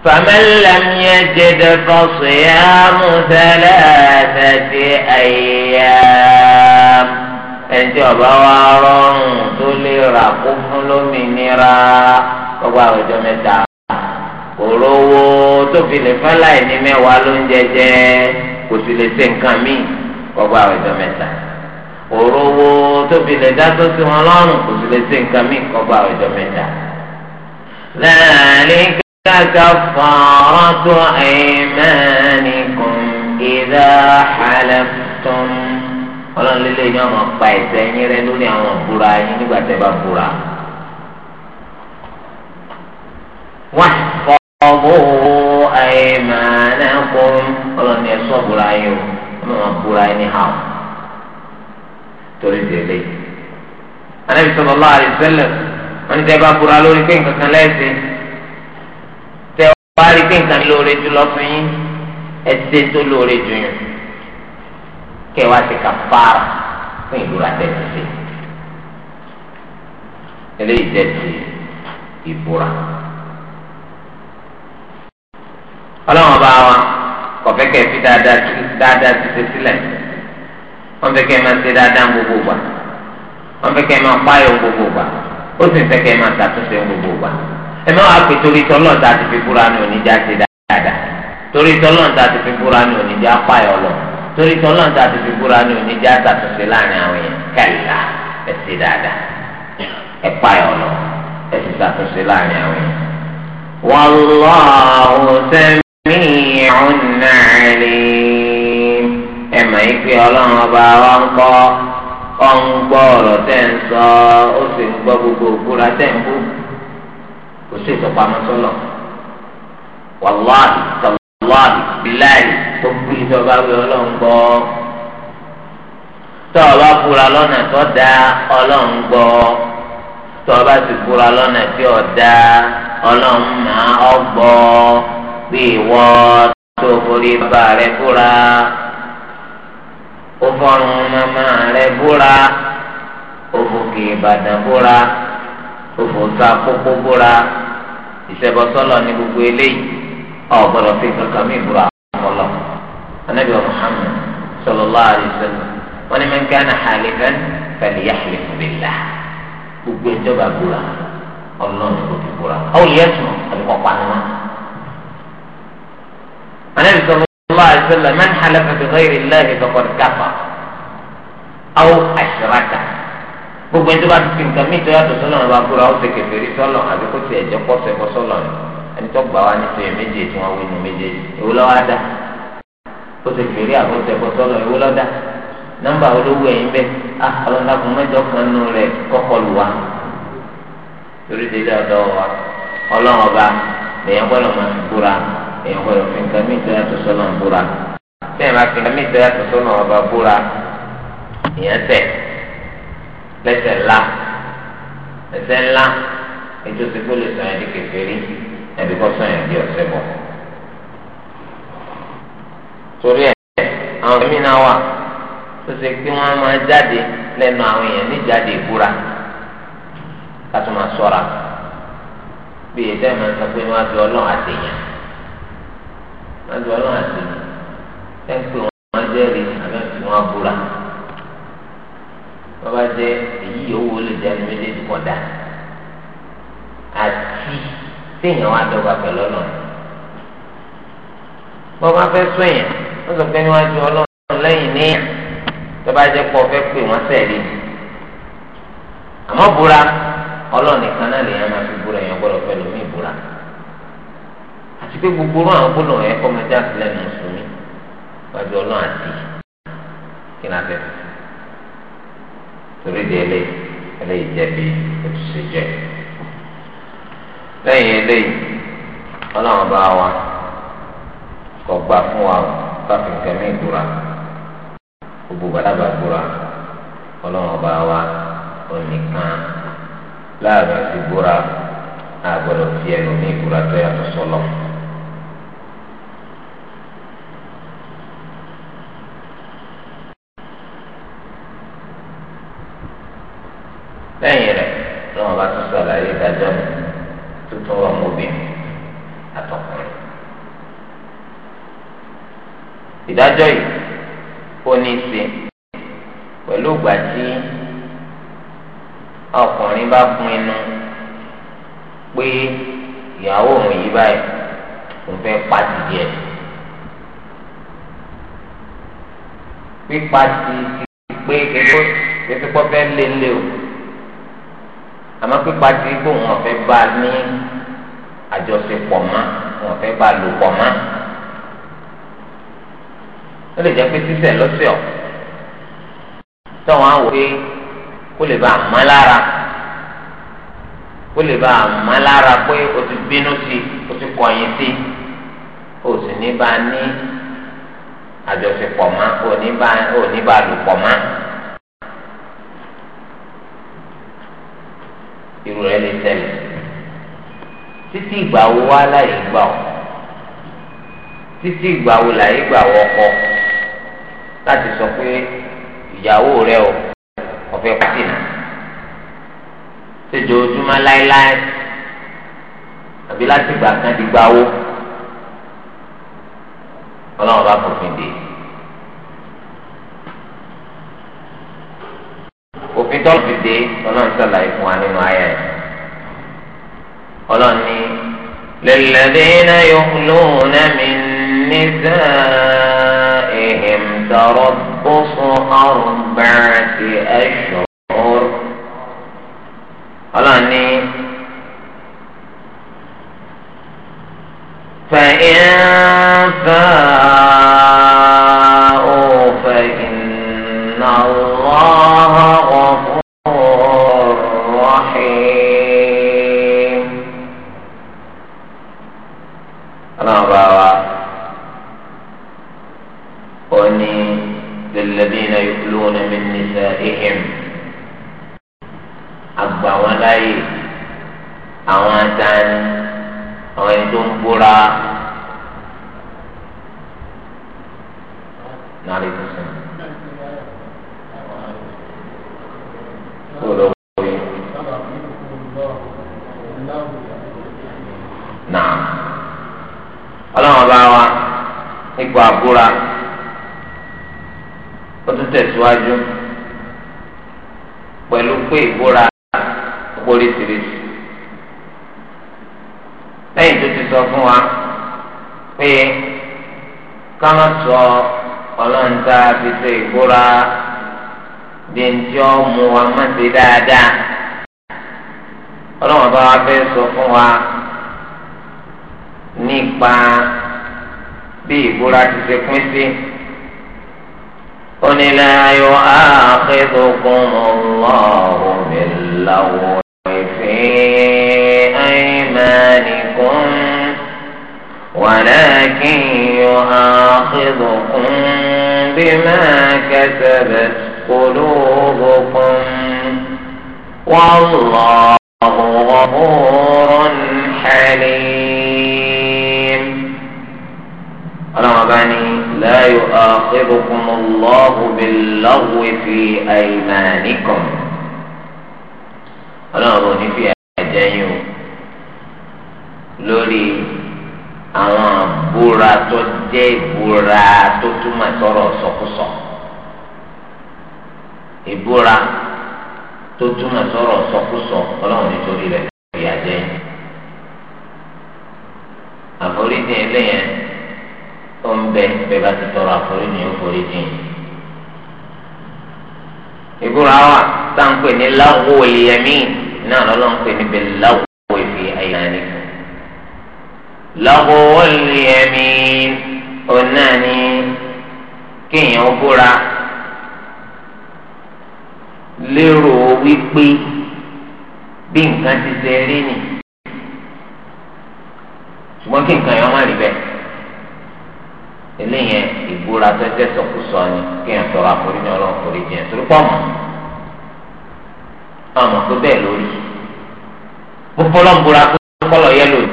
فمن لم يجد فصيام ثلاثة أيام ẹnití ọba wa rọrùn tó lè rà kó fún lómìnira gbogbo àwọn mẹ́ta kò tó fi lè fẹ́ láì ní mẹ́wàá ló ń jẹjẹ kò sì lè ṣe nǹkan míì kọ́gbà ọjọ́ mẹ́ta òróró tó fi lè dá tó sí wọn lọ́rùn kò sì lè ṣe nǹkan míì kọ́gbà ọjọ́ mẹ́ta. ذلك كفارة أيمانكم إذا حلفتم ọlọ́run lílé ní ọmọ pa ẹ̀ṣẹ̀ yín rẹ lórí àwọn ìbúra yín nígbà tẹ́ bá búra. wọ́n fọ́ ọ́ bó o aymanakum ọlọ́ni ẹ̀sọ́ búra yín o ọmọ wọn búra yín ní hàn torí délé. anábì sallallahu alaihi wasallam wọn ní tẹ́ bá búra lórí pé nǹkan kan lẹ́sìn tẹ́ wá rí pé nǹkan lóore jù lọ fún yín ẹsẹ̀ tó lóore jù yín kẹwàá ti kà fara fún ìbúra tẹ̀sí sí eléyìí tẹ̀sí ìbúra ọlọ́wọ́n bá wa kò fẹ́ kẹ́ fi dáadáa ti dáadáa ti ṣe sílẹ̀ wọ́n fẹ́ kẹ́ máa ṣe dáadáa gbogbo gbà wọ́n fẹ́ kẹ́ máa páyọ̀ gbogbo gbà ó sì fẹ́ kẹ́ máa ṣàtúnṣe gbogbo gbà ẹ má wàá pè torí tọ́lọ́ọ̀tà ti fi búra ní oníjà ṣe dáadáa torí tọ́lọ́ọ̀tà ti fi búra ní oníjà páyọ̀ lọ torí tọ́lọ́ọ̀tà ti fi búra ní oníjà ṣàtúnṣe láàrin àwọn yẹn kẹ́lá ẹ ṣe dáadáa ẹ páyọ̀ lọ ẹ sì سميع عليم ẹ̀mọ̀ yìí pé ọlọ́run ọba wa ń kọ́ ọ ń gbọ́ ọ̀rọ̀ tẹ̀ ń sọ ó sì ń gbọ́ gbogbo òkúra tẹ̀ ń bú kò sí ìtọ́pamọ́ sọ́lọ̀ wàláàdì tọ́láàdì bíláàdì tó kú ìjọba wí ọlọ́run gbọ́ tọ́ ọba búra lọ́nà tó dá ọlọ́run gbọ́ tọ́ ọba sì búra lọ́nà tí ò dá ọlọ́run máa bí ìwọ tó forí bàbá rẹ búra ó fọrùn màmá rẹ búra ó fòkè ìbàdàn búra ó fòkà kókó búra ìṣẹ̀bọ̀sọ́lọ̀ ní gbogbo eléyìí ọ̀gbọ́dọ̀ fi kankan mi búra ọ̀pọ̀lọ̀ anabi muhammed sallallahu alayhi wa sallam wọn ni man kana halifan falyahlif billah gbogbo ìjọba búra ọlọ́run kò fi búra ọ̀hún yẹn sùn àbíkọ́ pa anabi sallallahu الله wasallam man halafa bi ghayri llahi faqad kafa aw ashraka gbogbo ẹni tó bá fi nǹkan mí ìtọ́jú àtọ̀sọ́lọ́ ọba kúrò àwọn ṣe kẹfẹ́rí sọ́lọ́ àbí kó tiẹ̀ jẹ́ pọ́sẹ̀ bọ́ sọ́lọ́ ẹni tó gbà wá ní tiẹ̀ méje tí wọ́n wí nù méje èwo lọ́wọ́ á dá kó ṣe fèrè àbọ̀sẹ̀ bọ́ sọ́lọ́ lọ́dá nọ́mbà olówó ẹ̀yìn bẹ́ẹ̀ á ah, ọlọ́dàkùn mẹ́jọ kan nù rẹ̀ kọ́kọ́ lù torí délé ọ̀dọ́ wa ọlọ́run ọba lèyàn gbọ́dọ̀ máa ń kúra èèyàn gbọ́dọ̀ fi nǹkan mí tó yàtọ̀ sọ́nà búra bẹ́ẹ̀ máa fi nǹkan mí tó yàtọ̀ sọ́nà ọba búra èèyàn tẹ̀ lẹ́sẹ̀ ńlá ẹ̀ṣẹ̀ ńlá ètò ìsìnkú lè sọ yẹn di kèfèrí ẹbí kọ́ sọ yẹn di ọ̀sẹ̀ bọ̀. torí ẹ̀ àwọn ẹ̀mí náà wà tó ṣe pé wọ́n máa jáde lẹ́nu àwọn èèyàn níjáde ìbúra ká tó máa sọ́ra bí ètò ẹ̀ máa sọ pé wọ́n á fi ọlọ́run àtẹ̀yàn lọ́dọ̀ ọlọ́run àti ẹ̀ńpẹ̀ wọn jẹ́rìí àbẹ̀fẹ̀ wọn búra wọ́n bá jẹ́ èyí yòówó lè jẹ́ méjèèjì kọ̀dá àti téèyàn wá dọ́gba pẹ̀lú ọlọ́run bọ́n bá fẹ́ sún èèyàn wọ́n sọ pé níwájú ọlọ́run lẹ́yìn níyà tó bá jẹ́ pọ̀ fẹ́ pè wọ́n sẹ́ẹ̀lì àmọ́ búra ọlọ́run nìkan náà lè yàn máa fi búra èèyàn gbọ́dọ̀ fẹ́ lómi búra àti pé gbogbo ọ̀rọ̀ àwọn gbọ́dọ̀ ẹ̀ kọ́ máa já sílẹ̀ ní mùsùlùmí wájú ọlọ́run àti kí náà bẹ̀rẹ̀ torí di ẹlẹ́yìí ẹlẹ́yìí jẹ̀bi òtúnṣe jẹ́ lẹ́yìn eléyìí ọlọ́run bá wa kọ̀ gbà fún wa káfí nǹkan mí ìgbura gbogbo gbàdàgbà gbura ọlọ́run bá wa onìkan láàrin ti gbura àgbọ̀dọ̀ fi ẹnu ní ìgbura tó yàtọ̀ sọ́lọ́. lẹ́yìn rẹ̀ lọ́wọ́ bá tún sàlàyé ìdájọ́ mi tuntun rọ̀ mọ́bìnrin àtọkùnrin. ìdájọ́ yìí ó ní í ṣe pẹ̀lú ìgbà tí ọkùnrin bá pinnu pé ìyàwó òun yìí báyìí òun fẹ́ pàtì díẹ̀. pípa ti ti pé kékeré kékeré fẹ́ lé lé o àmọ́ pípa ti kó wọn fẹ́ bá ní àjọṣepọ̀ mọ́ wọn fẹ́ bá lò pọ̀ mọ́ ó lè jẹ́ pé sísẹ̀ lọ́sẹ̀ ọ̀ tọ́wọ́n á wò pé kó lè bá a mọ́ lára kó lè bá a mọ́ lára pé o ti bínú sí o ti kọ̀yìn sí o sì ní bá a ní àjọṣepọ̀ mọ́ o ní bá a lò pọ̀ mọ́. irú rẹ̀ lè ṣẹlẹ̀ títí ìgbà wo wá láyé gbà ọ títí ìgbà wo láyé gbà wọ ọkọ láti sọ pé ìyàwó rẹ o ọfẹ pàtìnà ṣèjọjúmọ́ láéláé àbí láti gbà kan di gbà wo Ọlọ́run bá fòfin dè é. òfin tó fi dé ọlọ́run sàlàyé fún wa nínú ayé ẹ̀ ọlọ́run ní lẹ́lẹ́dẹ́nà yọ̀kùnún mi níta ìhìm tọrọ bọ́sùn ọ̀rùn bẹ̀rẹ̀ sí ẹ̀ṣọ́ ọlọ́run ní. فإن فاء àwọn láyè àwọn adání àwọn ẹni tó ń búra. Nàlẹ́ tuntun. Kúrò lórí. Nàá. Ọlọ́run ipò àbúra ó tún tẹ̀síwájú pẹ̀lú pé ìbúra póríṣiríṣi lẹ́yìn tó ti sọ fún wa pé ká má sọ ọlọ́ǹda fi ṣe ìbúra dèntjọ́ mu wa má ṣe dáadáa ọlọ́wọ́n bá wa fẹ́ sọ fún wa nípa bí ìbúra ti ṣe pín sí. قل لا يؤاخذكم الله باللغو أيمانكم ولكن يؤاخذكم بما كسبت قلوبكم والله غفور حليم رغبني لا يؤاخذكم الله باللغو في أيمانكم ọlọ́run ò ní fi ẹ̀jẹ̀ yín o lórí àwọn àbúra tó jẹ́ ìbúra tó túmọ̀ sọ̀rọ̀ sọkúsọ ìbúra tó túmọ̀ sọ̀rọ̀ sọkúsọ ọlọ́run nítorí rẹ̀ ìyà jẹ́ yín àforíjì eléyẹn ó ń bẹ bẹ́ẹ̀ bá ti tọrọ àforíjì ó foríjì yín ìbúra wa táǹpẹ̀ ní láwọ̀ ìyẹmí iná lọ́lọ́ ń pè ní bẹ́ẹ̀ láwùwọ̀ ìfi àyàní. láwùwọ̀ lèmi ọ̀nà ni kéèyàn búra lérò wípé bí nǹkan ti ṣe rí ni ṣùgbọ́n kí nǹkan yẹn má rí bẹ́ẹ̀ eléyẹn ìbúra tó jẹ́ sọkúsọ ni kéèyàn tọrọ àforíjì ọlọ́run foríjì ẹ̀ torí pọ̀ mọ́ àwọn ọmọ pé bẹ́ẹ̀ lórí mo fọlọ́ ń bora pé kọ́lọ̀ yẹ lòdì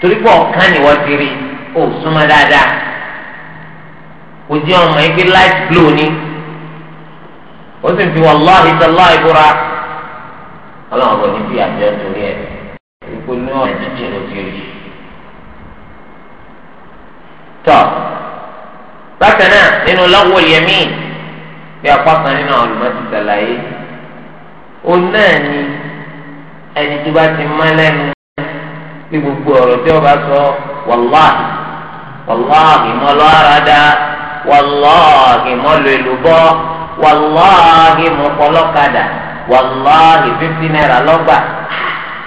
torí pé ọ̀kan ni wọ́n ti rí ó súnmọ́ dáadáa kò jẹ́ ọmọ yìí pé light blue ni ó sì ń fi wàláhì sàlá ìbúra ọlọ́run kò ní bí àjọ torí ẹ̀ ipò ní ọ̀rẹ́ jíjìn ló ti rí tọ́ bákan náà nínú lọ́wọ́ yẹmí bí apá kan nínú àwọn olùmọ̀ ti sàlàyé òun náà ni ẹni tó bá ti má lẹ́nu bí gbogbo ọ̀rọ̀ tí ọba sọ wàláhì wàláhì mọ́ lọ́ àràdá wàláhì mọ́ lọ èlùbọ́ wàláhì mọ́ pọlọ́kadà wàláhì fífi náírà lọ́gbà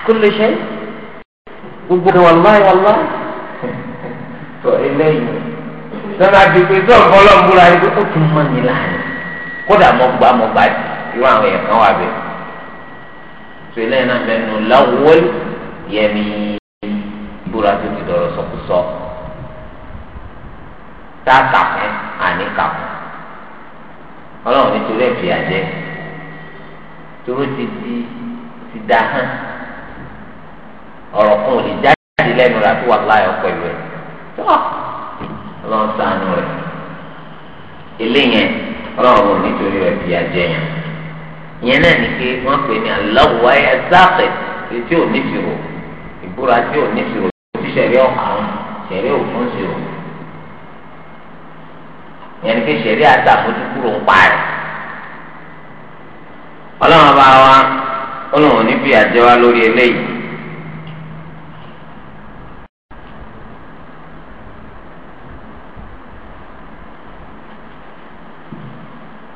kó lè ṣe gbogbo ọ̀rọ̀ wàláhì wàláhì tó eléyìí sọ́nà àdìpé tó ọ̀fọ́ lọ́nbúra yìí tó tún mọ́ mi kódà mọ́ gbà mọ́ gbà jù irú àwọn èèyàn kan wà bẹ́ẹ̀ sọlẹ náà mẹnu láwọl yẹmi ìbúra tó ti dọ̀rọ̀ sọkúsọ tá a kà fún àní kà fún Ọlọ́run nítorí ẹbí àjẹ toró ti di ti da hàn ọ̀rọ̀ kan ò jáde lẹ́nu rà tó wà láyọ̀ pẹ̀lú ẹ tó Ọlọ́run ṣàánú rẹ̀ eléyẹn Ọlọ́run ò nítorí ẹbí àjẹ yẹn ìyẹn náà ní pé wọ́n pè ní aláwọ̀ ẹ̀sáàpẹ̀ tí ò nífìrò ìbúra tí ò nífìrò tí sẹ̀rí ọ̀hún sẹ̀rí òfin ṣòro ìyẹn ní pé sẹ̀rí àtàkùnkúrò ń parí ọlọ́run bá wa ọlọ́run ní bí àjẹ́ wa lórí eléyìí.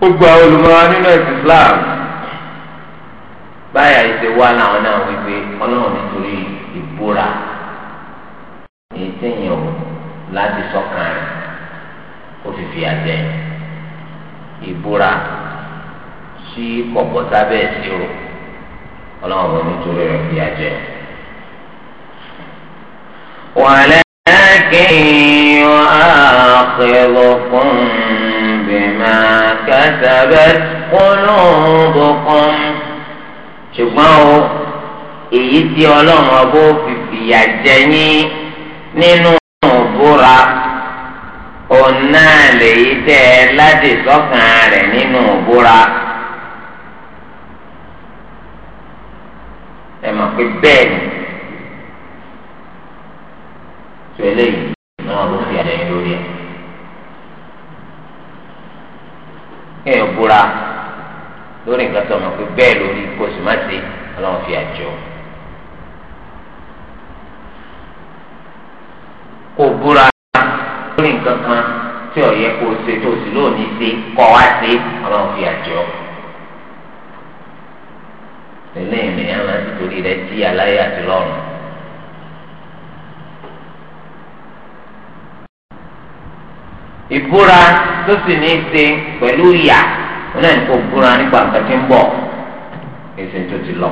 gbogbo àwọn olùmọ̀ràn nínú ẹ̀sìn Islam báyà ìṣe wá làwọn náà wípé ọlọ́run nítorí ìbúra èyí tẹ̀yìn o láti sọ́kàn kó fi fi àjẹ ìbúra sí kọ̀kọ́ sábẹ́ ìṣirò ọlọ́run nítorí rẹ̀ fi àjẹ. ولكن يؤاخذكم بما كسبت قلوبكم ṣùgbọ́n o èyí tí ọlọ́run ọbọ̀ fi fìyà jẹ yín nínú ìbúra òun náà lèyí tẹ́ ẹ ládì sọ́kàn rẹ̀ nínú ìbúra. ẹ mọ̀ pé bẹ́ẹ̀ ni tó eléyìí ni ló fi àjẹyìn lórí ẹ̀. kí ẹ búra lórí nǹkan tó mọ̀ pé bẹ́ẹ̀ lórí kó o sì má ṣe ọlọ́run fi àjọ. kò búra lórí nǹkan kan tí ò kó o ṣe tó o sì lónìí ṣe kọ́ wá ṣe ọlọ́run fi àjọ. ilé mi àwọn àti torí rẹ jí aláyé àti lọ́rùn. ìbúra tó sì ní í ṣe pẹ̀lú ìyà wọn náà ní kó búra nípa nǹkan tí ń bọ̀ èsì tó ti lọ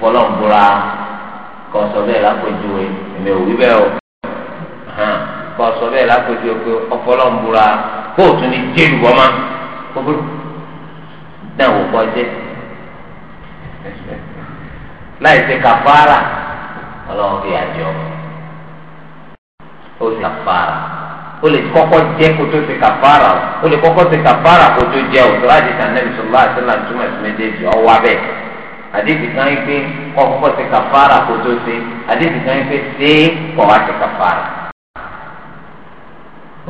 fọlọ́n búra kọ́ sọ bẹ́ẹ̀ lápèjúwe èmi ò wí bẹ́ẹ̀ o kọ́ sọ bẹ́ẹ̀ lápèjúwe pé ọfọlọ́n kóòtù ni jẹ́lu ọmọ kókóró náà wò kọ́ jẹ́ láì ṣe kàfàrà ọlọ́run fi àjọ ó sì kàfàrà o lè kọ́kọ́ jẹ́ kó tó ṣe kàfàrà o lè kọ́kọ́ ṣe kàfàrà kó tó jẹ́ o tó láti sàn nàbì sọlá àtúnlá túmọ̀ sí méjèèjì ọwọ́ abẹ́ àdéhùn kan yìí pé kọ́kọ́ ṣe kàfàrà kó tó ṣe àdéhùn kan yìí pé ṣé kọ́ wá ṣe kàfàrà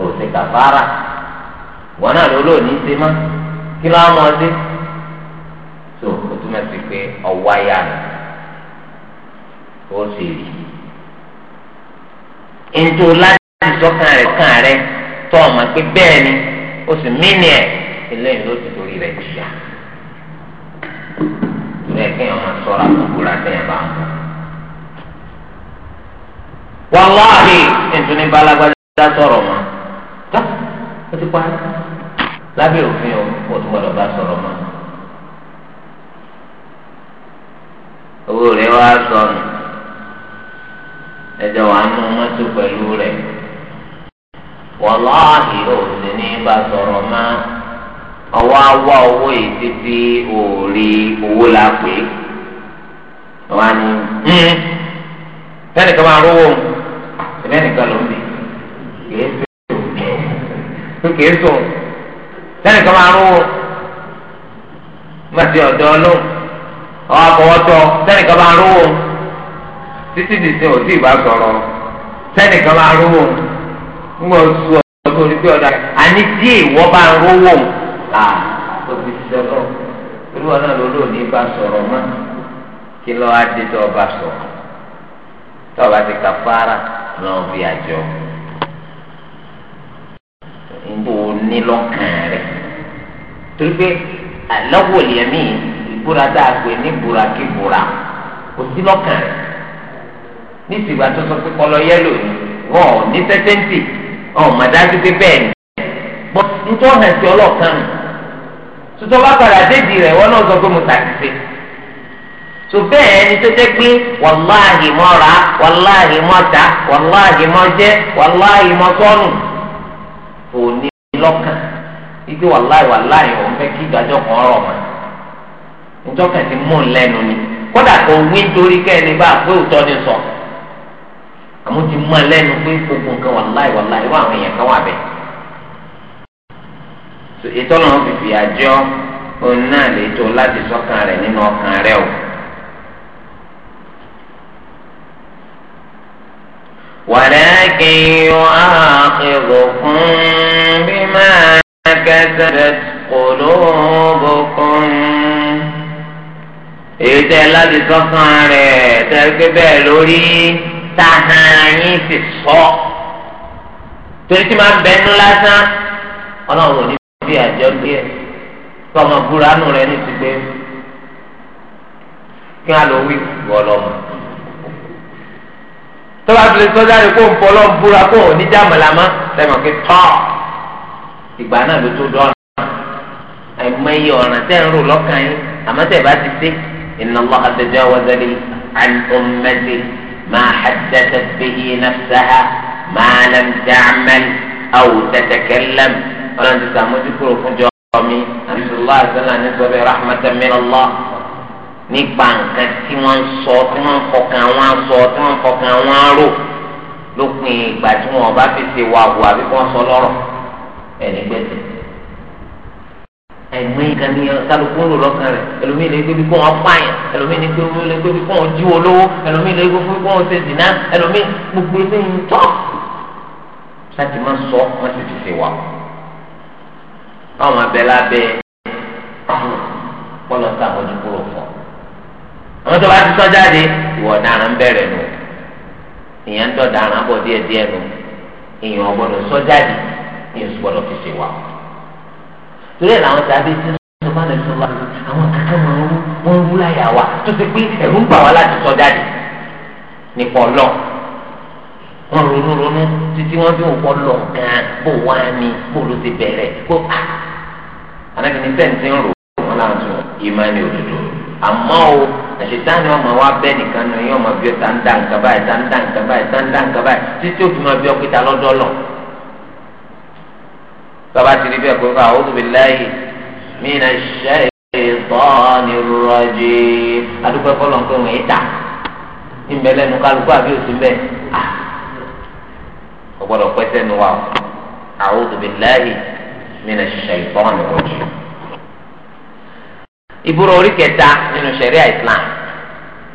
o ṣe kàfàrà wọn náà ló lò ní í ṣe má kí ló o túmọ̀ sí pé ọwọ́ ayá ni o ṣe rí ìtọ́kàn rẹ̀ kàn rẹ̀ tọ́ ọmọ pé bẹ́ẹ̀ ni o sì mínì ẹ̀ eléyìí ló ti torí rẹ̀ jìyà ìrẹ̀ kí ọmọ sọ́ra gbogbo rà bẹ́ẹ̀ bá ń bọ̀. wàláhì ìtúni balagbada sọ̀rọ̀ mọ́ tó o ti parí lábẹ́ òfin o o ti gbọ́dọ̀ bá sọ̀rọ̀ mọ́. owó rẹ̀ wá sọnù ẹ̀jẹ̀ wà nù mọ́tò pẹ̀lú rẹ̀ wàláhì òsì ní bá sọ̀rọ̀ mọ́ ọwọ́ awọ́ owó yìí títí òòrì owó la pè é wọ́n á ní hmm, tẹ́nìkan máa rówó tẹ́nìkan ló ń bì kìí sùn kìí sùn tẹ́nìkan máa rówó gbàtí ọ̀dọ́ ọlọ́run ọ̀ àfọwọ́tọ́ tẹ́nìkan máa rówó títí dìsín òsì ìbá sọ̀rọ̀ tẹ́nìkan máa rówó ńgbọ́ su ọdún orí pé ọ̀dà àní tí ìwọ bá ń rówó à tó fi sọlọ olúwa náà ló lóòní bá sọ̀rọ̀ mọ́ kí lọ́ á dé tó ọba sọ̀rọ̀ tó ọba ti kà fara náà fi àjọ ńgbò nílọ́kàn rẹ̀ torí pé lọ́wọ́ lèmi ìbúra dáa pé ní burakíbura kò sí lọ́kàn rẹ̀ ní ìsìgbà tó sọ pé kọlọ yẹ́lò ni wọ́n ò ní sẹ́tẹ́ǹtì ọmọ dájú pé bẹ́ẹ̀ ni bọ́ nítorí ọ̀hún ẹ̀sìn ọlọ́ọ̀kan nù tuntun bá padà dédìí rẹ̀ wọ́n náà sọ pé mo tàbí tó bẹ́ẹ̀ ni tó jẹ́ pé wàláhì mọ́ ra wàláhì mọ́ ta wàláhì mọ́ jẹ́ wàláhì mọ́ sọ́nù kò ní lọ́kàn ibi wàláhì wàláhì òun fẹ́ kí ìdájọ́ kan rọ̀ mọ́ nítorí kàn ti mú un lẹ́nu ni kódà kò wí nítorí kẹ́ni bá pé òótọ́ ni sọ̀rọ̀ àmọ́ ti mú ẹlẹ́nu pé gbogbo nǹkan wà láì wà láì wà àwọn èèyàn kan wà bẹ́ẹ̀. ìtọ́nà wọn fìfì àjọ òun náà lè tó láti sọ́kàn rẹ̀ nínú ọkàn rẹ̀ o. ولكن يؤاخذكم بما كسبت قلوبكم èyí tẹ́ láti sọ́kàn rẹ̀ tahan yín sì sọ torí tí máa bẹnu lásán ọlọ́run ò ní bí àjọ gbé ẹ kí ọmọ buranu rẹ ní ti gbé kí wọn lọ wí bọlọmọ tọ́ba tó lè sọ jáde kó ń bọ́lọ́ ń búra kó ń ní jàmọ̀lámá lẹ́mọ̀ pé tọ́ ìgbà náà ló tó dọ́ọ̀nà àìmọye ọ̀ràn tẹ́ ń rò lọ́kàn yín àmọ́ tẹ́ bá ti dé inna Allah tajawaza li an ummati. ما حدثت به نفسها ما لم تعمل أو تتكلم ولن تسامج كل أن الله سلا نسبة رحمة من الله nípa nǹkan tí wọ́n ń sọ tí wọ́n ń fọkàn wọn sọ tí wọ́n ń fọkàn wọn rò lópin ìgbà tí wọn bá fi ṣe wàhùn àbí wọ́n sọ lọ́rọ̀ ẹ̀ nígbẹ́sẹ̀ ẹ̀gbìn kan ní kálukú ń lò lọ́kàn rẹ̀ ẹlòmíì lè gbé bí kò wọ́n pààyàn ẹlòmíì lè gbé bí kò wọ́n jí olówó ẹlòmíì lè gbé bí kò wọ́n ṣe dìná ẹlòmíì gbogbo ẹgbẹ́ yìí tọ́ láti má sọ wọ́n sì ti fi wà. báwọn abẹ lábẹ kọlọ ń tàbọ̀jú kúrò fún ọ. àwọn tó bá ti sọ jáde ìwọ ọ̀daràn ń bẹ̀rẹ̀ nù ìyẹn ń dọ̀daràn bọ̀ díẹ̀díẹ̀ nù ìyẹn ọ̀gbọ́dọ̀ sọ jáde ìyẹn sì gbọ́dọ̀ fi wà torí ẹ̀ làwọn sábẹ́ ti sọ fún àná ìṣọ̀lá àwọn kankan wọn rú wọn rú láyà wa tó ti pé ẹ̀rù ń bà wá láti sọ jáde nípa ọlọ́ wọn ronú ronú títí wọn fi òkú ọlọ gan bó wá ní bó ti bẹ̀rẹ̀ bó a anábì ní sẹ́ǹtì ń rò wọn làwọn tún ìmọ̀ ní òdodo àmọ́ o àṣetáni ọmọ wa bẹ́ẹ̀ nìkan náà yóò máa bí ọ tá ń dá nǹkan báyìí tá ń dá nǹkan báyìí tá ń dá nǹkan báyìí títí ó fi máa bí ọ ta lọ́dọ́ lọ́ọ̀ tọ́ba ti rí bẹ́ẹ̀ kó fún a'udhu billahi minash shaytanir rajim adúgbò ẹ̀fọ́lọ̀ nǹkan wọ̀nyí ta ìmẹ̀ lẹ́nu kálukú àbí òsì mbẹ́ ọgbọ́dọ̀ pẹ́sẹ́ nu wa a'udhu billahi minash shaytanir rajim. ìbúra orí kẹta nínú ṣẹ̀ríà Islam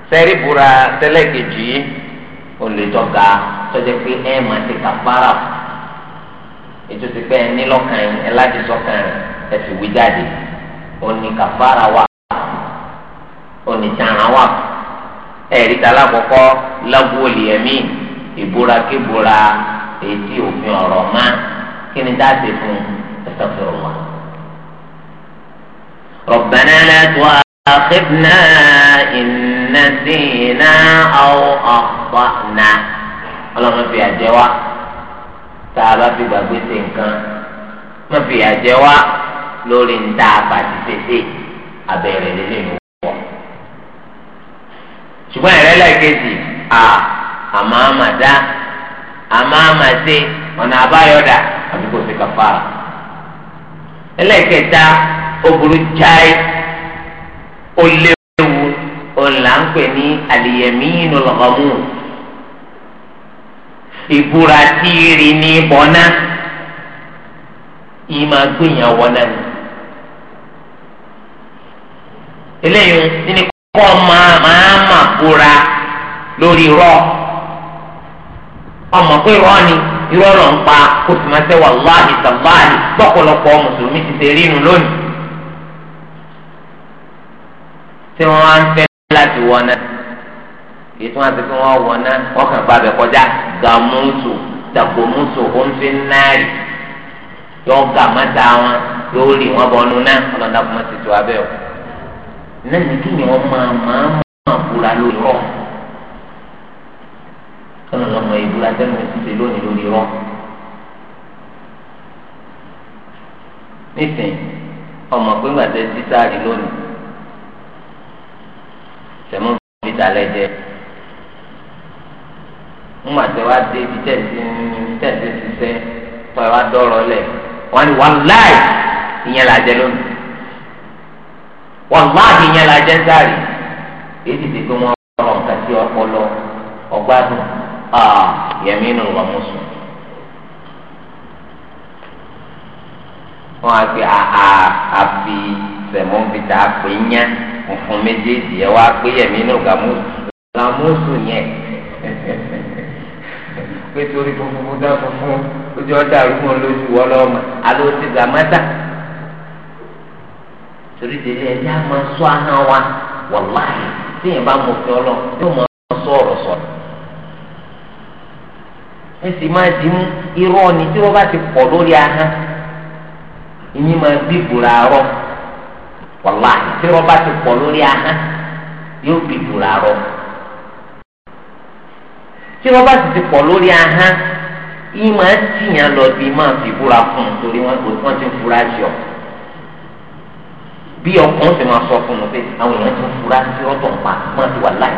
sẹ́rí búra tẹ́lẹ̀ kejì yìí tọ́jú pé ẹ̀ máa ti kàfárà fún ètò ti pẹ́ ẹni lọ́kàn yín ẹ láti sọ́kàn rẹ̀ ẹ fi wí jáde òní kàfàrà wà òní tààrà wà ẹ̀rí tala kọ́kọ́ lágbóòlì ẹ̀mí ìbúrakébúra ètí òfin ọ̀rọ̀ má kí ni dáàbò fún astaghfirullah. ربنا لا تؤاخذنا إن نسينا أو أخطأنا الله في الجواب tá a bá fi gbàgbé ṣe nǹkan wọ́n fi àjẹ wá lórí ń dá apàtì tètè abẹ́rẹ́ lélẹ̀ ní wọ́. ṣùgbọ́n ìrẹ́ lẹ́ẹ̀kejì à àmọ́ àmà dá àmọ́ àmà ṣe ọ̀nà àbáyọ̀dà àbí kò sí kàfàrà. ẹlẹ́ẹ̀kẹta ó jáì ó léwu òun là ń pè ní àlìyẹ̀mí ìnulọ̀gọ́mù ìbúra tí ìrì ní bọ́ná yìí máa gbìyàn wọ́nà ni. eléyìí nínú kọ́ máa máa mà búra lórí rọ́ ọmọ pé rọ́ ni irọ́ ló ń pa kó sì máa ṣe wàláhì sàláhì lọ́pọ̀lọpọ̀ mùsùlùmí ti ṣe rí inú lónìí. tí wọ́n á ń fẹ́ láti wọ́n náà ètò wọn àti pé wọn wọ ná wọn kàn bá bẹ kọjá gàmúsù dàgbòmúsù òǹfin náírì yóò gàmátà wọn yóò rí wọn bọnu náà ọlọ́dà kò má ti tó abẹ́ o náà ní kí ni wọn máa máa máa búra lórí rọ kọ́nà lọ́mọ ìbúra tẹ́lẹ̀ mi ti ṣe lónìí lórí rọ. nísìnyí ọmọ pé gbàtẹ́ títà rí lónìí tẹ̀mú bíi talẹ́ ń mà tẹ wá dé ibi tẹ̀sí tẹ̀sí ṣiṣẹ́ tọ́ ẹ wá dọ́rọ̀ lẹ̀ wọ́n ní wàláì ìyẹn là jẹ lónìí wàláì ìyẹn là jẹ sáré èyí ti pé wọ́n rọ̀ nǹkan sí ọpọlọ ọgbádùn ah, yẹmí nù wà mọ́sùn. wọn á fi àhà àfi sẹmọfìtà àpéyàn funfun méjèèjì ẹ wá pé yẹmí nù gàmúsù gàmúsù yẹn. pé torí gbogbo dá funfun ojú ọ̀dà arúgbó lójú ọlọ́mọ alo ti gàmátà torí délé ẹ̀jẹ̀ á máa sọ ahọ́n wa wàláhì tíyẹn bá mọ̀ fi ọlọ́ yóò máa sọ ọ̀rọ̀ sọ̀rọ̀ ẹ sì máa dì mú irọ́ ni tí wọ́n bá ti pọ̀ lórí ahọ́n ìyín máa bí bùràárọ̀ wàláhì tí wọ́n bá ti pọ̀ lórí ahọ́n yóò bí bùràárọ̀ tí wọ́n bá sì ti pọ̀ lórí ahán yìí máa ń tìyàn lọ bí máa fi búra fún un torí wọ́n ti ń fura sí ọ bí ọkùnrin sì máa sọ fún un pé àwọn èèyàn ti ń fura sí ọ̀tọ̀ ń pa máa ti wà láì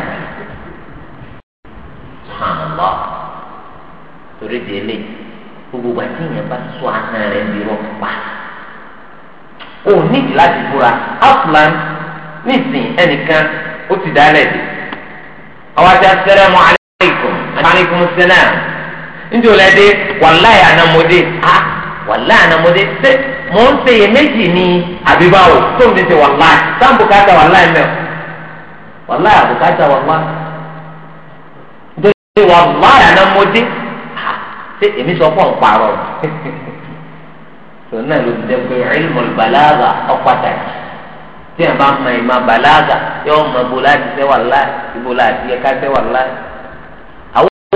sàmùlọ torí di eléyìí gbogbo àti èèyàn bá sọ ahọ́n rẹ̀ bí irọ́ pa ò nídìí láti búra outland nísìnyí ẹnìkan ó ti dálẹ̀ dé àwọn àti asẹ́rẹ́ mọ́ alaikum "O nítorí ẹdẹ wàláyà ànàmọdé a ah, wàláyà ànàmọdé ṣe mò ń ṣe iyèméjì ní àbíbáwò tó ń tètè wàláyà sáà bùkátà wàláyà mẹ wàláyà o wàláyà nítorí wàláyà ànàmọdé ah, ṣe èmi sọ fún ọ̀npàrọ̀ tòun náà ló ti dẹ́ pé ilmul balaga ọ̀pàtàkì tí a bá mọ ìmọ̀ balaga yóò mọ ibo láti ṣe wàláyà ibo láti yẹ ká ṣe wàláyà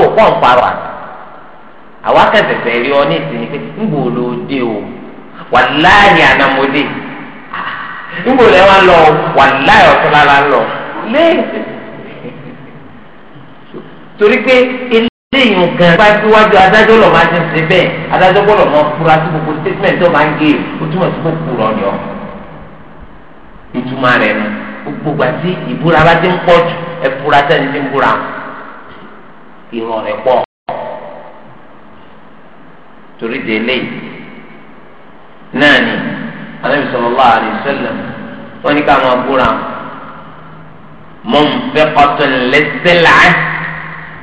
ó pọ̀ ń parọ́ àná àwa kẹsẹ̀sẹ̀ rí ọ ní ìsinmi pé ńgbò ló dé o wàláhì ànàmọ́dé ah, ńgbò lẹ́wọ̀n lọ wàláhì ọ̀tún lára lọ léèdè torí pé eléyìí nǹkan bá síwájú adájọ́ lọ́ọ́ máa ti ṣe bẹ́ẹ̀ adájọ́ gbọ́dọ̀ máa fura sí gbogbo statement tó máa ń gé o túmọ̀ sí gbogbo rọ̀ ni ọ́ ìtumọ̀ rẹ̀ nù gbogbo àti ìbúra bá ti ń pọ̀ jù ẹ̀ fura sẹ́ni ti ń búra ìrùn rẹ̀ pọ̀ torí délé náà ni anabi sallallahu alaihi wasallam wọn ní ká máa búra munfiqatun lis-sil'ah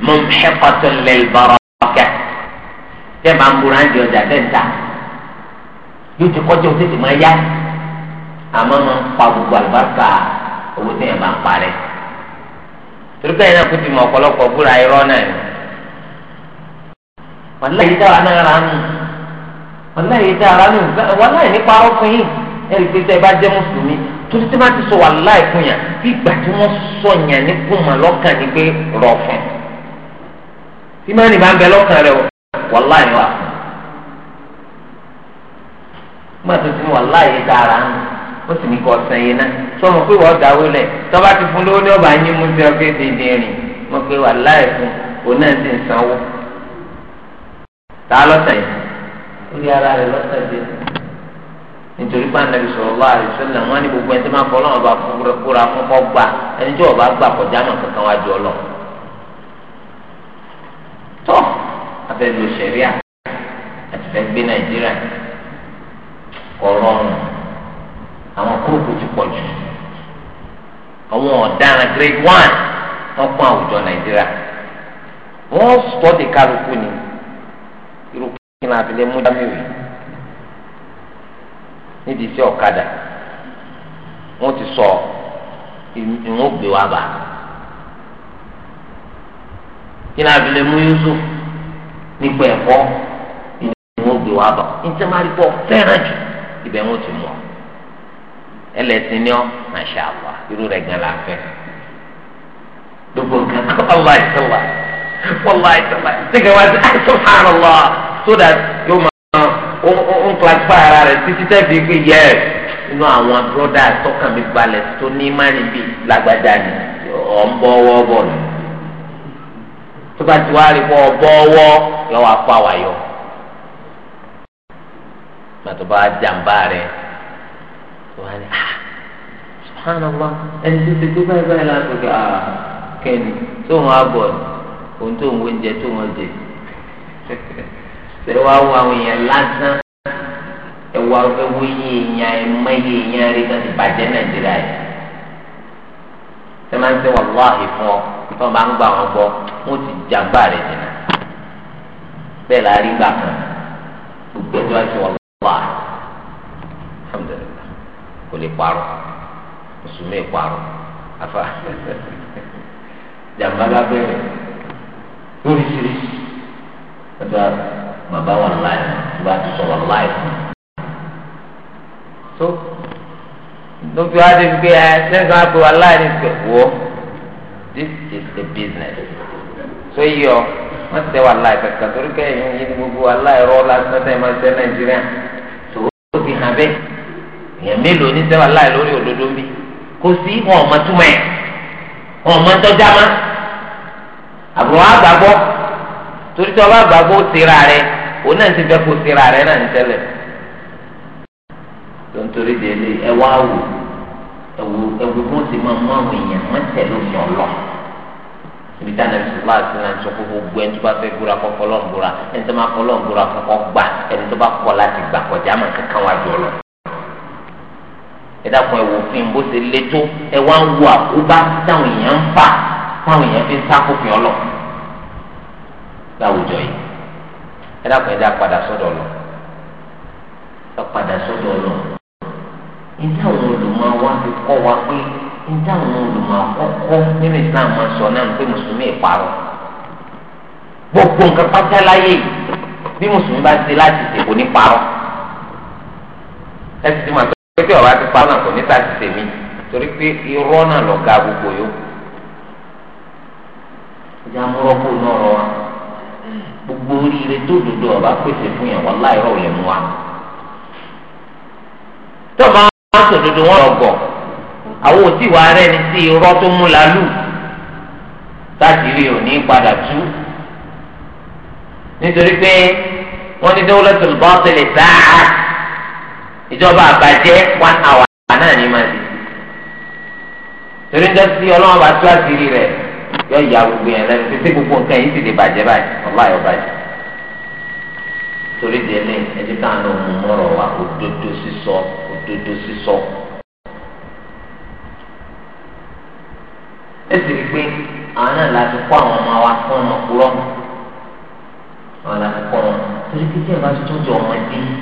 mumhiqatun lil-barakah tẹ́ máa ń búra ń di ọjà dẹ́ta yóò ti kọjá o tètè máa yá àmọ́ máa ń pa gbogbo àlùbáríkà owó tẹ̀yẹ̀ máa ń parẹ́ torí bẹ́ẹ̀ náà kó ti mọ ọ̀pọ̀lọpọ̀ búra irọ́ náà ni wàlá yìí dára náà rà nù wàlá yìí dára nù wàlá yìí nípa ọ fún yìí ẹ̀rí pé tẹ́ ẹ bá jẹ́ mùsùlùmí torí tí wọ́n ti sọ wàlá ìfún yàn bí ìgbà tí wọ́n sọ yàn ní kùmà lọ́kàn ni pé rọ̀ fún bí má ní bá ń bẹ lọ́kàn rẹ wàlá yìí wà fún gbàtọ́ sí wàlá yìí dára nù. ó sì ní kó ọsàn yẹn náà sọmọ pé wọ́n dáwó lẹ̀ tọ́ba ti fún lówó ní ọba yín mú sí ọkẹ́ dídì rìn mo pe wà láì fún òun náà sì ń sanwó tá lọ́sàn yìí ó rí ara rẹ̀ lọ́sàn yìí nítorí pé anabi ní ọba kúra fún kọ́ gbà ẹni tí ọba gbà kọjá kankan wájú ọlọ. tó sẹ̀ríà àti fẹ́ gbé nàìjíríà àwọn kúròkó ti pọ̀ jù àwọn ọ̀daràn grade one wọ́n pọ́n àwùjọ nàìjíríà wọ́n sọ́ọ̀dì kálukú ni irú kí ni àbílẹ̀ mú jámẹ́wì nídìí sí ọ̀kadà wọ́n ti sọ ìwọ̀n gbé wa bá kí ni àbílẹ̀ mú Yusuf nípa ẹ̀kọ́ ìwọ̀n gbé wa bá ní tẹ́ máa fẹ́ràn jù ibẹ̀ wọ́n ti mú ọ ẹlẹ́sìn ni ọ́ masha allah irú rẹ̀ gan la fẹ́ gbogbo nǹkan kọ́ allah ìsọ̀lá wàlláhi ìsọ̀lá ṣìkà wá sí subhanallah so that yóò máa ń classify ara rẹ̀ títí tẹ́bi pé yẹ inú àwọn broda tọkàn mi balẹ̀ tó ní mánì bíi lágbájá ni ọ̀ ń bọ́ ọwọ́ bọ̀ ni tó bá ti wá rí bọ́ ọ bọ́ ọwọ́ yọ wá pa wá yọ bá jàǹbá rẹ̀ wọn ni ah subhanallah ẹni tó ti tó báyìí báyìí láti gbé ah kẹ́ni tó wọn á bọ̀ ohun tó ń wo oúnjẹ tó wọn jẹ ṣe wá wo àwọn èèyàn lásán ẹ wá ewu yìí èèyàn ẹ mọ iye èèyàn rí láti bàjẹ́ nàìjíríà yìí ṣe máa ń ṣe wàláhì fún ọ tó máa ń gbà wọn gbọ́ wọn ti jàgbá rẹ jìnnà bẹ́ẹ̀ la rí gbà kan gbogbo ẹjọ́ àti wàláhì. الحمد kò lè parọ́ mùsùlùmí parọ́ afa jàmbá lábẹ́rẹ́ lóríṣiríṣi ọjọ́ bàbá wà láì tó bá ti sọ̀rọ̀ láì fún so lóbi wá dé gbé ẹ sẹ́ńtà àgbò wà láì wọ́ this is the business so yíyọ wọ́n ti tẹ́ wà láì kàkà torí kẹ́yìn yìí ni gbogbo wà láì rọ́ lásán tẹ́ ẹ máa ṣe Nàìjíríà tó o ti hàn bẹ́ẹ̀ èèyàn mélòó ní sẹ́wà láì lórí òdodo bí kò sí wọn ò mọ túmọ̀ ẹ̀ wọn ò mọ tọ́já má àbúrò àgbàgbọ́ torí tí wọn bá gbàgbọ́ tera rẹ òun náà ti fẹ́ kó tera rẹ náà ní tẹ́lẹ̀ tó ń torí de ilé ẹ wá wò ẹwù ẹwù kó ti máa mú àwọn èèyàn wọn tẹ̀lé òfin ọlọ́ ibi táwọn ẹni sọlá àti náà sọ pé gbogbo ẹni tó bá fẹ́ gbúra kọ́ fọlọ́ǹgbúra ẹni tó bá fọlọ́ǹgbúra kọ́kọ́ gbà ẹni tó bá kọ́ láti gbà kọjá mọ̀ kankan wájú ọlọ́ọ̀ ẹ̀dàkùn ẹ̀wò òfin bó ṣe lé tó ẹ wá ń wo àkóbá táwọn èèyàn ń fà táwọn èèyàn fi ń sákòfin ọlọ láwùjọ yìí ẹ̀dàkùn ẹ̀dà padà sọ́dọ̀ ọlọ ẹ padà sọ́dọ̀ ọlọ níta àwọn olùmọ̀ wa fi kọ́ wa pé níta àwọn olùmọ̀ àkọ́kọ́ nínú Islam máa sọ náà pé mùsùlùmí ìparọ́ gbogbo nǹkan pátá láyé bí mùsùlùmí bá ti láti ṣèkò ní parọ́ ẹ ti ti máa pété ọba ti parọ́ náà kò ní sáà ti tèmi torí pé irọ́ náà lọ ga gbogbo yó. ìjà múrọ́ kó náà rọ wa gbogbo oríire tó dodo ọba pèsè fún yẹn wọn láì rọ ò lè mú wa. tó bá wọn sọ dodo wọn lọ gọ àwọn òtí wa rẹ ni sí irọ́ tó mú la lù táàkiri ò ní padà tú nítorí pé wọ́n ní dawlatul batil sáà ìjọba àbàjẹ́ one hour náà ní máa di torí ń dẹ́sí ọlọ́run bá tó àṣírí rẹ̀ yọ ìyá gbogbo yẹn lẹ́nu pété gbogbo nǹkan yìí sì lè bàjẹ́ báyìí ọlá yọ bàjẹ́ torí délé ẹni ká ló mú mọ́rọ̀ wá òdodo sísọ òdodo sísọ. ẹ sì rí i pé àwọn náà láti kó àwọn ọmọ wa fún ọmọ kúrọ́ àwọn láti kọ́ wọn torí pé tí ẹ bá tó tọ́jú ọmọdé yìí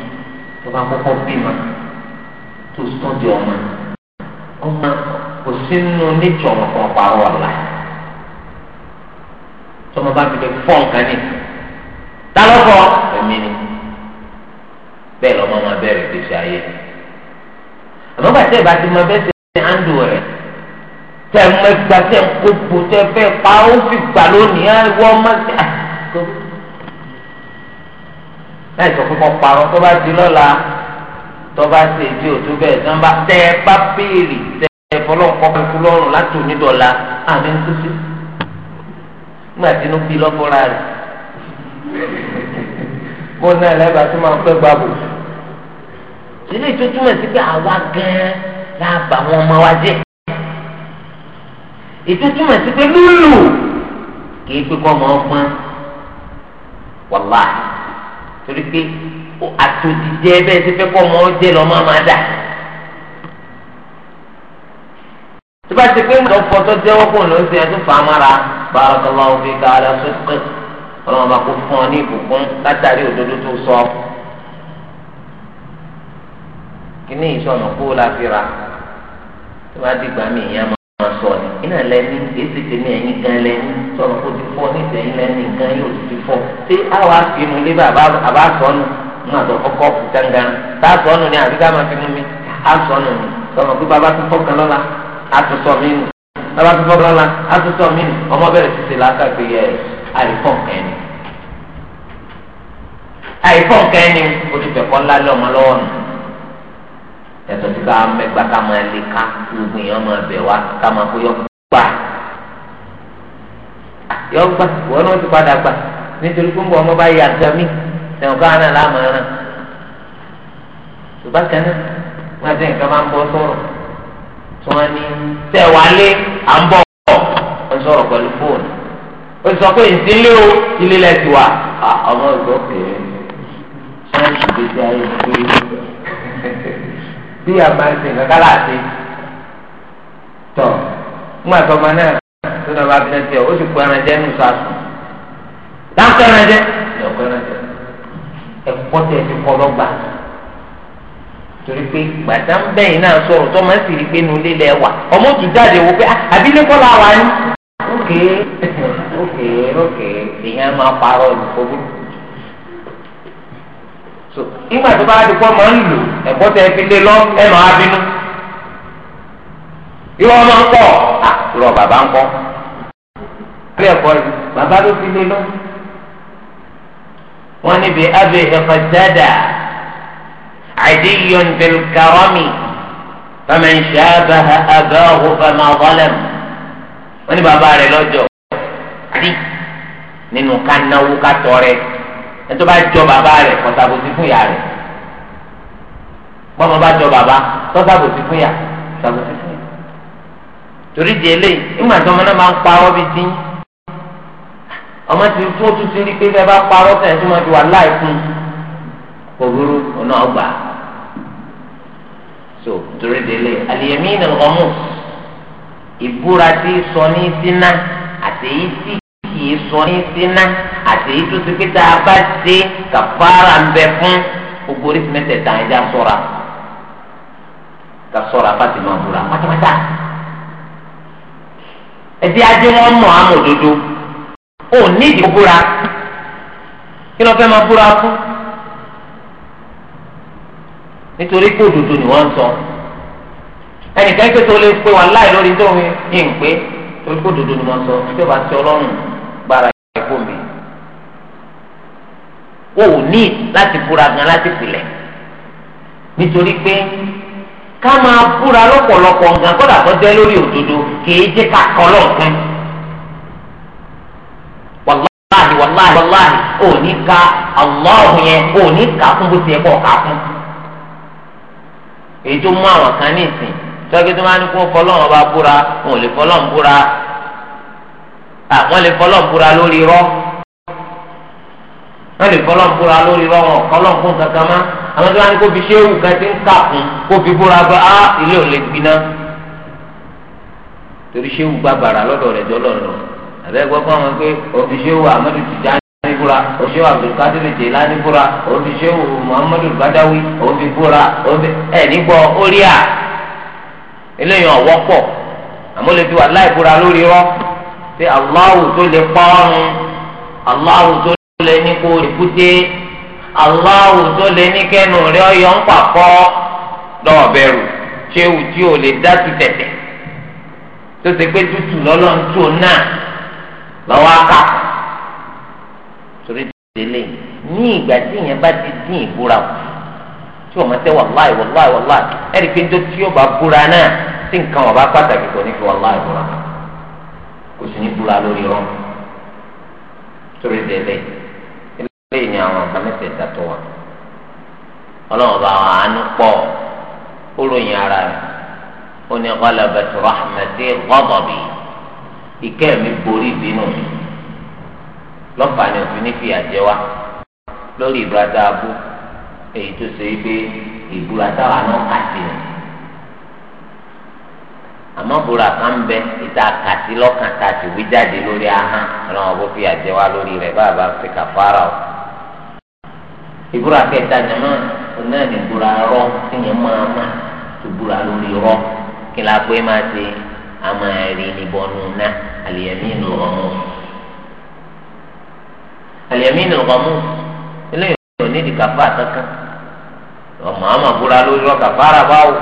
tó bá kọ́kọ́ bímọ tó tọ́jú ọmọ ọmọ kò sínú nítsọ̀ ọmọ kan parọ́ ọ̀la tọmọ bá ti lè fọ́ nǹkan ní talọ́kọ̀ ẹ̀mí ni bẹ́ẹ̀ lọ́mọ máa bẹ̀rẹ̀ gbèsè ayé àmọ́ bàtẹ́ ìbá ti mọ bẹ́ẹ̀ ṣe àǹdù rẹ̀ tẹ̀ mọ ẹgbà tẹ̀ ń kó gbò tẹ̀ pa ó fi gbà lónìí ẹ̀ ah, wọ́n máa ah, ṣe àkókò láì sọ fún kọ́ parọ́ tó bá di lọ́la tó bá ṣe èdè òtún bẹ́ẹ̀ tó ń bá tẹ́ ẹ bá béèrè tẹ́ ẹ fọlọ́nkọ́ kúkú lọ́rùn láti onídọ̀la àmì ń tó sí nígbà tí inú bí lọ́fọ́ra rẹ̀ mo náà lẹ́bàá tó máa ń fẹ́ gbàgbọ́ ilé ìtútúmọ̀ sí pé àwa gan-an la bà wọn ọmọ wa jẹ́ ìtútúmọ̀ sí pé lúlù kì í pé kọ́ ọmọ ọgbọ́n wàláhì torí pé àtòjìjẹ bẹ́ẹ̀ ti fẹ́ kọ́ ọmọ ọjẹ́ lọ máa máa dà. tó bá ti pé ń lọ́pọ̀ tó jẹ́wọ́ kó ló ń ṣe ẹtú fàmárà barakallahu fi káàdà sókè ọlọ́run bá kó fún ọ ní ìbùkún látàrí òdodo tó sọ. kíní ìṣọ̀nà kó la fi ra tó bá dìgbà mí ìyá máa wọn sọ ni iná lẹni èsì tèmi ẹyin gan lẹni sọ̀rọ̀ kó ti fọ ní ìtẹ̀yìn lẹni gan yóò ti fọ ṣé àwọn afinu lébà àbá sọnù ń àtọ ọkọ gangan tá a sọnù ni àbí ká máa fi mú mi a sọnù ni sọmọ pé bàbá tó fọkàn lọ́la a tó sọ mí nù bàbá tó fọkàn lọ́la a tó sọ mí nù ọmọ bẹ̀rẹ̀ ti ṣe látàgbé ẹ àìfọ̀n kẹ́ni àìfọ̀n kẹ́ni o ti fẹ̀kọ́ ńlá lé ọmọ lọ́wọ́ nù yàtọ̀ sí ká mẹ́gbà ká máa lé ká gbogbo èèyàn máa bẹ̀ wá ká máa kó yọ gbà yọ gbà wọn náà ti padà gbà nítorí pé ń bọ ọmọ bá yà gà mí ẹ̀wọ̀n ká náà láàmú ẹran ṣùgbọ́n kan náà wọ́n ti nǹkan máa ń bọ́ sọ̀rọ̀ tí wọ́n ní tẹ̀ à ń bọ̀ ọ̀ sọ̀rọ̀ pẹ̀lú fóònù ó sọ pé ìdílé o ilé lẹ́sì wà ah, ọmọ ìgbọ́ pé ṣáà ìgbésí ayé ń bí a máa ń sìn kankan láti tọ̀ ńgbà tó ma náà tó náà bá fi náà tiẹ̀ ó sì kó ẹran jẹ́ nù sàásùn dáńtọ́ ẹran jẹ́ ẹ̀ ọ̀kọ́ ẹran jẹ́ ẹ̀kọ́ tẹ̀ ti kọ́ lọ́gbà torí pé gbàdá ń bẹ́yìn náà sọ̀rọ̀ tó máa ń sì rí pé nu lílẹ̀ wà ọmọ tù jáde wò pé ah, àbílẹ̀ kọ́ la wà ókè ókè ókè èèyàn máa parọ́ ìfowópamọ́ so ìgbà tó bá di kọ́ máa ń lò ẹ̀kọ́ tẹ fi lé lọ ẹnu abínú ìwọ ọmọ ń kọ́ rọ bàbá ń kọ́ ilé ẹ̀kọ́ rẹ bàbá ló fi lé lọ wọn níbi abẹ ẹ̀kọ́ dáadáa àdéhùn bẹ̀rù kàrọ́mì fẹmẹ̀ ń ṣe abẹ́hà abẹ́ wọn ní bàbá rẹ lọ́jọ́ àdí nínú kánáwó kátọ́ rẹ ẹtọ́ bá jọ bàbá rẹ̀ kọ́sàbòsí fún ìyá rẹ̀ bọ́mọ bá jọ bàbá kọ́sàbòsí fún ìyá kọ́sàbòsí fún ìyá torí di eléyìí ìgbà tí ọmọ náà máa ń parọ́ bíi dín ọmọ tí tó tún ti rí pé bẹ́ẹ̀ bá parọ́ sẹ́yìn tó máa fi wà láì fún kò ọ̀nà ọgbà so torí di eléyìí àlìyẹ̀mí ìnàlọ́mù ìbúra tí sọ ní sínà àtẹ̀yí tí kì í sọ ní sínà àti èyí tó ti pé tá a bá ṣe kàfàrà ń bẹ fún gbogbo oríṣi mẹ́tẹ̀ẹ̀ta ẹja sọ́ra ká sọ́ra bá ti máa búra pátápátá ẹdí ajé wọn mọ àmọ́ òdodo ò ní ìdí búra kí ló fẹ́ máa búra fún nítorí pé òdodo ni wọ́n ń sọ ẹnìkan pé tó lè pé wà láì lórí tó ń pè é torí pé òdodo ni wọ́n sọ tí ó bá ti ọlọ́run. o ò ní láti búra gan láti filẹ̀ nítorí pé ká máa búra lọ́pọ̀lọpọ̀ nǹkan kọ́dà tó jẹ́ lórí òdodo kìí jẹ́ ká kọ́ lọ́ọ̀kan wàláhì wàláhì wàláhì ò ní ka Allahu yẹn ò ní kà á fún bó ti yẹ kọ́ kà á fún èyí tó mú àwọn kan ní ìsìn tọ́jú tó máa ní kó fọlọ́run bá búra wọn ò lè fọlọ́run búra àwọn lè fọlọ́run búra lórí irọ́ wọn lè fọlọ́ ń búra lórí rọ́wọ́n kọ́lọ́ ń fún kankan má àwọn tó wá ní kó fi ṣéwù kan ti ń kà fún kó fi búra gbọ́ á ilé ò lè gbiná torí ṣéwù gba bàrà lọ́dọ̀ rẹ̀ dọ́lọ́ lọ àbẹ́ gbọ́ fún àwọn pé òfi ṣéwù amadu tìjà ní búra òṣèwù abdulkadir jìlá ní búra òfi ṣéwù muhammadu badawi òfi búra òfi ẹ̀ nígbọ́ orí à eléyìí ọ̀wọ́pọ̀ àmọ́ lè fi wà láì búra lórí rọ́ pé aláwù tó lè pọ́n lè ní kó rìkúté aláwo tó lè ní kẹ́nu rẹ̀ ọ̀yọ́ ń pàkọ́ lọ́wọ́ bẹ̀rù ṣéwù tí ò lè dá ti tẹ̀tẹ̀ tó ti pé tútù lọ́lọ́ ń tó náà lọ́wọ́ àkà torí délé ní ìgbà tí ìyẹn bá ti dín ìbúra kù tí wọ́n máa tẹ́ wàláì wàláì wàláì ẹ̀rí pé tó tí yóò bá búra náà tí nǹkan wọn bá pàtàkì kò ní fi wàláì búra kò sì ní búra lórí rọ́ọ̀mù torí délé. léyìn àwọn nǹkan mẹ́tẹ̀ẹ̀ta tó wà ọlọ́run bá wọn àánú pọ̀ ó ara rẹ̀ ó ní ghalabatu rahmati ghadabi ìkẹ́ mi borí ìbínú mi lọ́fà ni òfin ní fìyà jẹ wá lórí ìbúra tá èyí tó ṣe pé náà bẹ ìta lọ́kàn ìbúra kẹta jama náà ní ìbúra rọ tíyẹn máa ma ìbúra lórí rọ kí la pé máa ṣe àmà rí níbọnú náà àlìyẹmí nìlọmọ àlìyẹmí nìlọmọ eléyìí ò ní di kàfà kankan ọmọ àmà búra lórí rọ kàfà ara báwo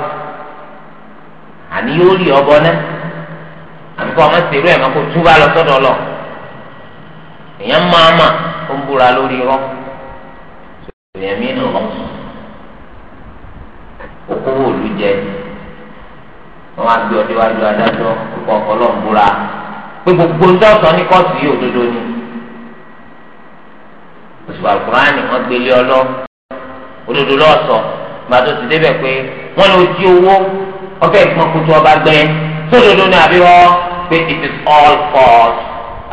àní yóò rí ọbọ náà àbí kọ́ ọmọ ṣèrú ẹ̀ máa kó túbà lọ sọ́dọ̀ lọ èèyàn máa mà ó ń búra lórí rọ èèyàn mí nù wọn okòwò olùjẹ wọn á gbé ọdẹ wájú adájọ́ púpọ̀ ọlọmọbúra pé gbogbo ń dọ̀tọ̀ ní kóòtù yìí òdodo ni oṣù àkùránì wọn gbélé ọlọ òdodo lọsọ gbàtọ ti débẹ̀ pé wọn lọ jí owó ọbẹ ìpọn kutu ọba gbẹ sódodo ni àbí wọn pé it is all false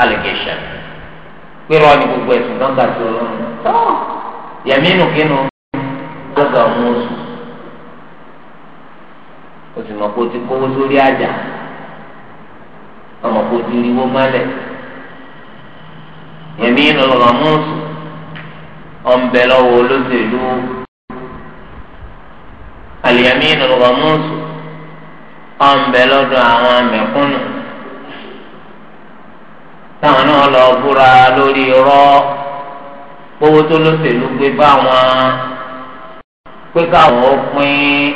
allegation pé rọ ni gbogbo ẹ̀sùn náà gbà tó lọ yẹmínú kínú lọ́gà ọmọ oṣù o sì mọ̀ pé o ti kówó sórí àjà ọmọ kò ti rí wọ́n mọ́lẹ̀ yẹmínú lọ́gà ọmọ oṣù ọ̀nbẹ lọ́wọ́ olóṣèlú àlìyẹmínú lọ́gà ọmọ oṣù ọ̀nbẹ lọ́dọ̀ àwọn amẹ̀kúnnù táwọn náà lọ búra lórí rọ́ọ̀ gbowó tó lóṣèlú gbé báwọn pé káwọn ó pín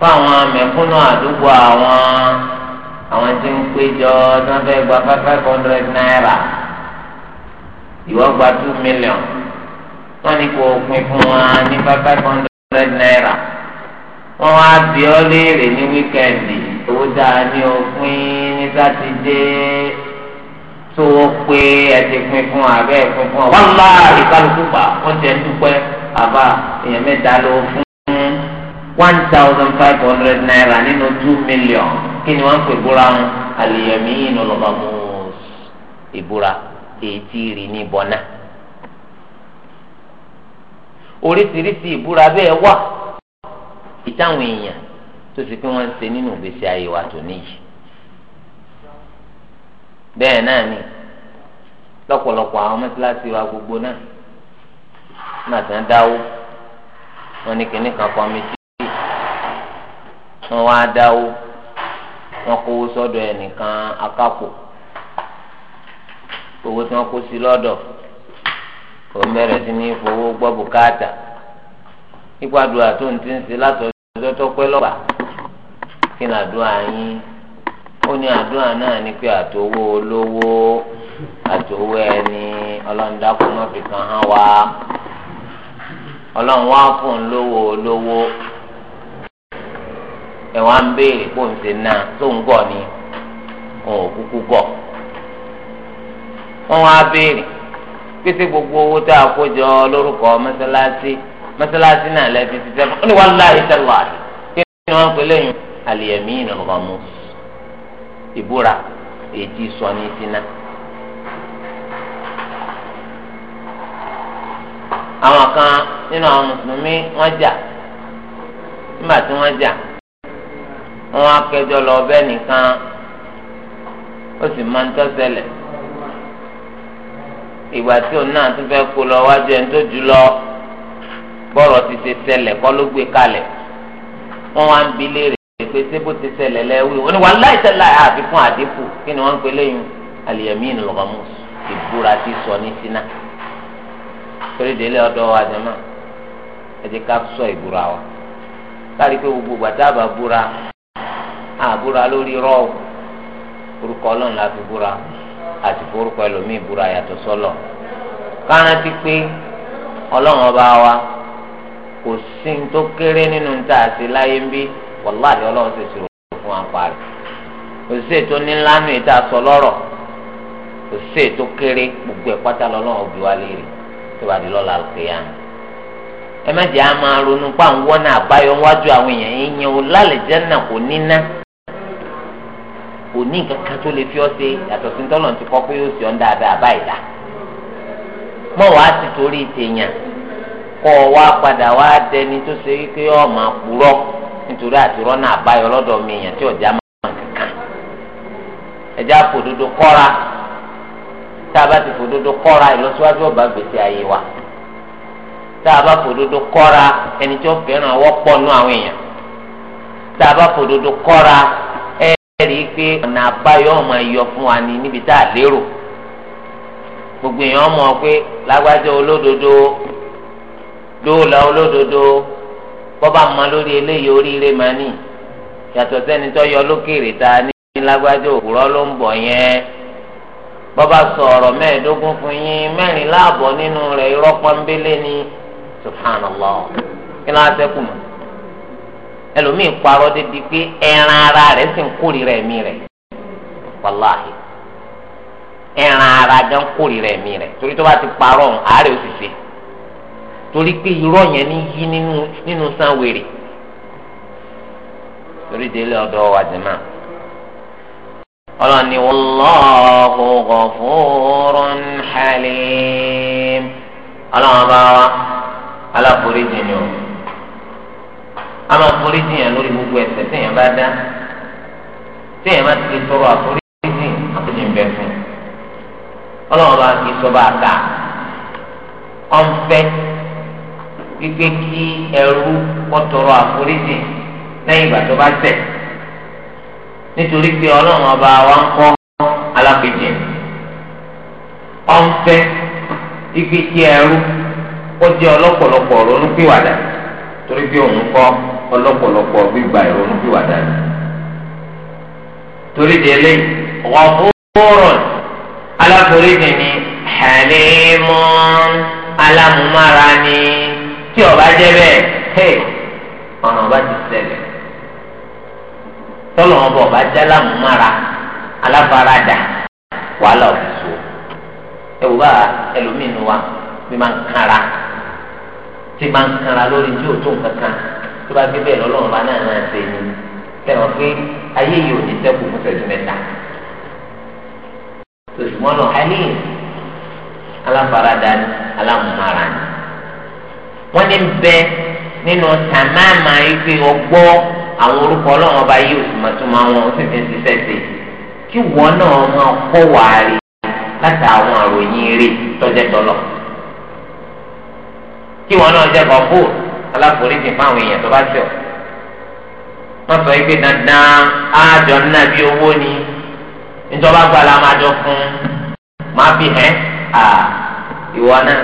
fáwọn mẹ̀kúnnù àdúgbò àwọn àwọn tí ń péjọ tí wọ́n fẹ́ gba five hundred naira ìwọ gba two million wọ́n ní kó o pín fún wa ní five hundred naira wọ́n wá bí ọ léèrè ní wíkẹ́ndì owó dáa ní o ní sátidé tó o pé ẹtì pin fún abẹ́ pin fún ọ ìkálukú pa wọ́n ti ẹ̀ dúpẹ́ àbá èèyàn mẹ́ta ló fún one thousand five hundred naira nínú two million kí ni wọ́n ń pè búra wọn àlèyàmí inú lọ́ba mọ́ọ́s ìbúra èyí tí ì rí ní bọ́nà oríṣiríṣi ìbúra bẹ́ẹ̀ wà ìtàwọn èèyàn tó ti pé wọ́n ṣe nínú ìgbésí ayé wa tó níyì bẹ́ẹ̀ náà ni lọ́pọ̀lọpọ̀ àwọn wa gbogbo náà náà tán dáwó wọn ní kíní kan kọ́mítì wọn wá dáwó wọn kówó sọ́dọ̀ ẹnìkan akápò owó tí wọn kó sí lọ́dọ̀ kò bẹ̀rẹ̀ sí ní fowó gbọ́ bùkátà ó ní àdúrà náà ni pé àtòwó olówó àtòwó ẹni ọlọ́ndàkùn má kan hàn wá ọlọ́run wá fún lówó olówó ẹ ń béèrè kó n ṣe náà tó ń gọ̀ ni òun ò kúkú gọ̀ wọ́n wá béèrè gbogbo owó tá a kó jọ lórúkọ mọ́sálásí mọ́sálásí náà ti sẹ́kọ̀ọ́ ó ní wàá láyé kí ni wọ́n ń pè lẹ́yìn àlìyẹ̀mí ìbúra èdè sọ ní ìdínà. àwọn kan nínú àwọn mùsùlùmí wọ́n jà nígbà tí wọ́n jà wọ́n akẹjọ lọ bẹ́ẹ̀ nìkan ó sì máa ń tọ́sẹ̀lẹ̀ ìgbà tí òun náà tún fẹ́ kó lọ wájú ẹni tó jù lọ bọ́ọ̀rọ̀ ti ṣe ṣẹlẹ̀ kọ́ ló gbé kalẹ̀ wọ́n wá ń bi léèrè pé ṣé bó ti ṣẹlẹ̀ lẹ́wí wọn ni wà láì tẹ́lẹ̀ àfi fún àdínkù kí ni wọ́n ń pè lẹ́yìn al-yamin al-ghamus ìbúra ti sọ ní sínà torí délé ọ̀dọ̀ àjẹmọ́ ẹ jẹ́ ká sọ ìbúra wa káàdì pé gbogbo gbàdábà búra àbúra lórí rọ́ọ̀ orúkọ ọlọ́run la fi búra àti forúkọ ẹlòmíì búra yàtọ̀ sọ́lọ̀ kárántí pé ọlọ́run ọba wa kò sí ní tó kéré nínú ní tàà sí láyé ń bí. wàláàdì ọlọ́run ti sòrò fún wa parí òṣìṣẹ́ tó ní ńlá ìta sọ lọ́rọ̀ òṣìṣẹ́ tó kéré gbogbo ẹ̀ pátá lọ́lọ́run òbí wa léèrè tó bá di lọ́la kéèyàn ẹ má jẹ́ àmà ronú pa ń wọ́nà àbáyọ wájú àwọn èèyàn èèyàn lálẹ́ kò kò ní tó lè fi ọ́ padà wá dẹni tó ṣe wípé nítorí àti rọ́nà àbáyọ lọ́dọ̀ mi èèyàn tí ọ̀já máa ń kankan ẹja fòdodo kọ́ra tá a bá ti fòdodo kọ́ra ìlọsíwájú ọba gbèsè ayé wa tá a bá fòdodo kọ́ra ẹni tí ó fẹ́ràn ọwọ́ pọ̀ nú àwọn èèyàn tá a bá fòdodo kọ́ra ẹ rí i pé ọ̀nà àbáyọ ọmọ ẹ̀yọ fún wa ni níbi tá a lérò gbogbo èèyàn mọ̀ pé lágbájá olódodo dóòlà olódodo. bọ́ba mọ lórí eléyìí oríire máa ní yàtọ̀ sẹ́ni tó yọ lókèrè ta ní lágbájá òwúrọ̀ ló ń bọ̀ yẹn bọ́ba sọ ọ̀rọ̀ mẹ́ẹ̀ẹ́dógún fún yín mẹ́rin láàbọ̀ nínú rẹ̀ irọ́ pọ́nbélé ni subhanallah kí ló á sẹ́kù mọ́ ẹlòmíì parọ́ débi pé ẹran ara rẹ̀ sì ń kórìíra ẹ̀mí rẹ̀ wàláhì ẹran ara gan kórìíra ẹ̀mí rẹ̀ torí tó bá ti parọ́ ọ̀hún àárẹ̀ ó torí pé irọ́ yẹn ní yí nínú nínú san wèrè torí délé ọ̀dọ̀ wa jẹ̀má. ọlọ́ni wallahu ghafurun halim ọlọ́run bá wa aláforíjì ni o a máa foríjì yẹn lórí gbogbo ẹ̀ṣẹ̀ téèyàn bá dá téèyàn bá ti tọrọ àforíjì àforíjì ń bẹ fún ọlọ́run bá kì í bá ta ọ̀nfẹ́ wípé kí ẹrú kọtọrọ àforíjì lẹ́yìn ìgbà tó bá tẹ̀ nítorí pé ọlọ́run ọba wa ń kọ́ alákejì ọ̀nfẹ́ igi tí ẹrú ó jẹ́ ọlọ́pọ̀lọpọ̀ ronúpìwàdà torí pé òun kọ́ ọlọ́pọ̀lọpọ̀ gbígba ìrònúpìwàdà rẹ̀ torí délé ọ̀fọ́rọ̀ aláforíjì ni hàlímọ́ alámúmára tí ọba jẹ bẹ́ẹ̀ ọ̀nà ọba ti ṣẹlẹ̀ tọ́lọ̀ ọba ọba jẹ́ alámúmára aláfaradà wàhálà òfìsò ẹ̀wù bá ẹlòmínú wa bí máa ń kára tí máa ń kára lórí tí ò nǹkan tó bá gbé bẹ́ẹ̀ lọ́lọ́run bá náà náà ṣe ni tẹ̀wọ́n pé ayé yìí ò ní sẹ́kù fún ṣẹ́jú mẹ́ta tòṣùmọ́nà alẹ́ aláfaradà alámúmára ni wọ́n ní bẹ nínú tàmáàmà ife ọgbọ́ àwọn orúkọ ọlọ́run ọba yìí òtúmọ̀túmọ̀ wọn ó sì fi ń ṣiṣẹ́ sí i kí wọ́n náà máa kọ́ wàárí láti àwọn àròyìn eré tọ́jẹ́ tọ́lọ̀ kí wọ́n náà jẹ́ kọ́fó aláforíjì fáwọn èèyàn tó bá ṣe ọ́ wọ́n sọ pé dandan àjọ nínú àbí owó ni ìjọba gbala máa jọ fún máa fi hẹ́ à ìwọ náà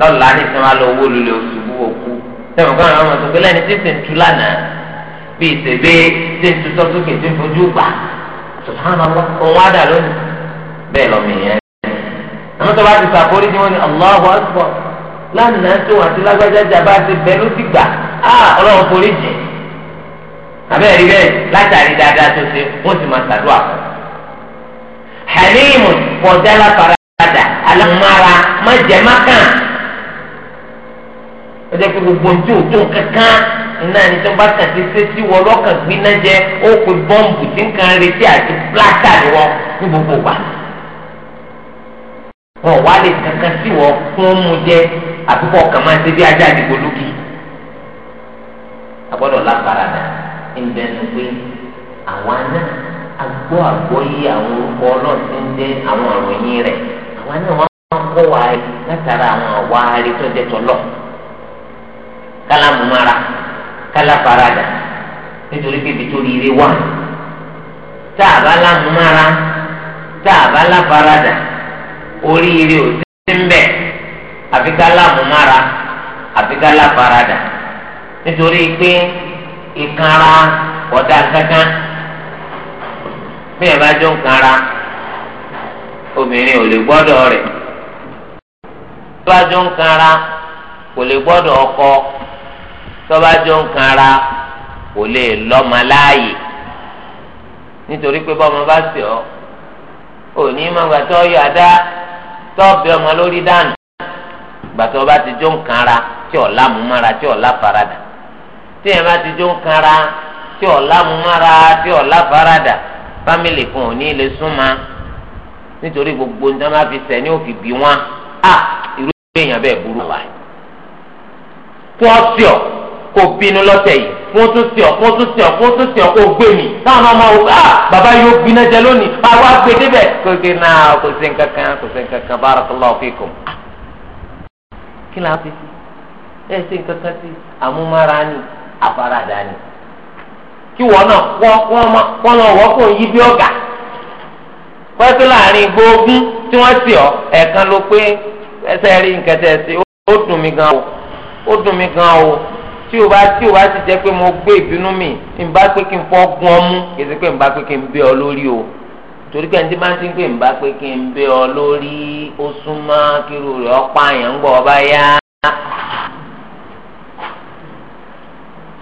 lọ́la ní sinmi alọ owó lulẹ̀ oṣù bú òkú sẹ́wọ̀n kan àwọn ọmọ sọ̀gbẹ́lẹ́ ni tí ń tu lánàá bí ìṣègbè tí ń tu sọ́sókè tí ń fojú gbà subhanallah òun á dà lónìí bẹ́ẹ̀ lọ́mọ ìyẹn. àmọ́ tó bá ti sàkórí tí wọ́n ní Allahu akbar lánàá tó àti lágbájá jà bá ti bẹ ló ti gbà á ọlọ́run forí jì abẹ́rẹ́ bẹ́ẹ̀ látàrí dáadáa ó jẹ́ pé gbogbo ojú òjò kankan iná ẹni tó bá kàn ti ṣe sí wọ lọ́kàn gbiná jẹ ó pe bọ́ǹbù tí nǹkan retí àti pláṣà ni wọ́n ní gbogbo wa. wọn wá lè kankan sí wọ fún mu jẹ àtúkọ̀ ọkàn máa ṣe bí ajá àdìgbò lókì. agbọ́dọ̀ lápára náà ń bẹnu pé àwa náà agbọ́ àgbọ́ yí àwọn orúkọ náà ti ń dé àwọn àròyìn rẹ̀ àwa náà wọ́n kọ́ wa látara àwọn àwa arétọ́jẹ́tọ́ lọ́ọ̀ kálámù Mumara, kálá farada nítorí pé ibi tó rí ire wá tá a bá lámù mara tá a bá lá farada oríire ò sí ń bẹ àfi kálámù mara àfi kálá farada nítorí pé ìkanra ọ̀dà kankan bí ẹ bá jọ ń obìnrin ò lè gbọ́dọ̀ rẹ̀ bá jọ ń kò lè gbọ́dọ̀ ọkọ tọ́ba jọ ń kan ara kò lè lọ́mọ láàyè nítorí pé bọ́mọ bá sì ọ́ òní mọ̀gbà tó yọ àdá tọ́ọ̀bì ọmọ lórí dànù gbàtọ́ bá ti jó ń kan ara tí ọ̀la mú mára tí ọ̀la farada tí ẹ̀ bá ti jó ń kan ara tí ọ̀la mú mára tí ọ̀la farada fámìlì kan ò ní lè súnmọ́ nítorí gbogbo ní wọ́n fi sẹ̀ ní òfì bí wọ́n á irú èèyàn bẹ́ẹ̀ burú wáyé kí wọ́n sí ọ̀. kò bínú lọ́tẹ̀ yìí wọ́n tún sí ọ ọ tún ọ kò gbé mi táwọn ọmọ wò á ah, bàbá yóò gbiná jẹ lónìí àwa gbé débẹ̀ kókè náà kò sí nǹkan kan kò sí nǹkan kan barakallahu fikum. Ah. kí ló ń fi sí ẹ ṣe nǹkan kan sí ni ni kí náà wọ́n kò yí bí ọ̀gá láàrin gbóògùn ọ ẹ̀ẹ̀kan ló pé ẹsẹ̀ rí nǹkan tẹ̀ tí o bá tí o bá ti jẹ́ pé mo gbé ìbínú mi n bá pé kí n fọ́ gun ọmú kìí pé bá ọ lórí o torí pé ẹni ti ń pè bá pé kí n ọ lórí ó súnmọ́ kíru rẹ̀ ọ̀pá àyàn ń gbọ́ ọba yá.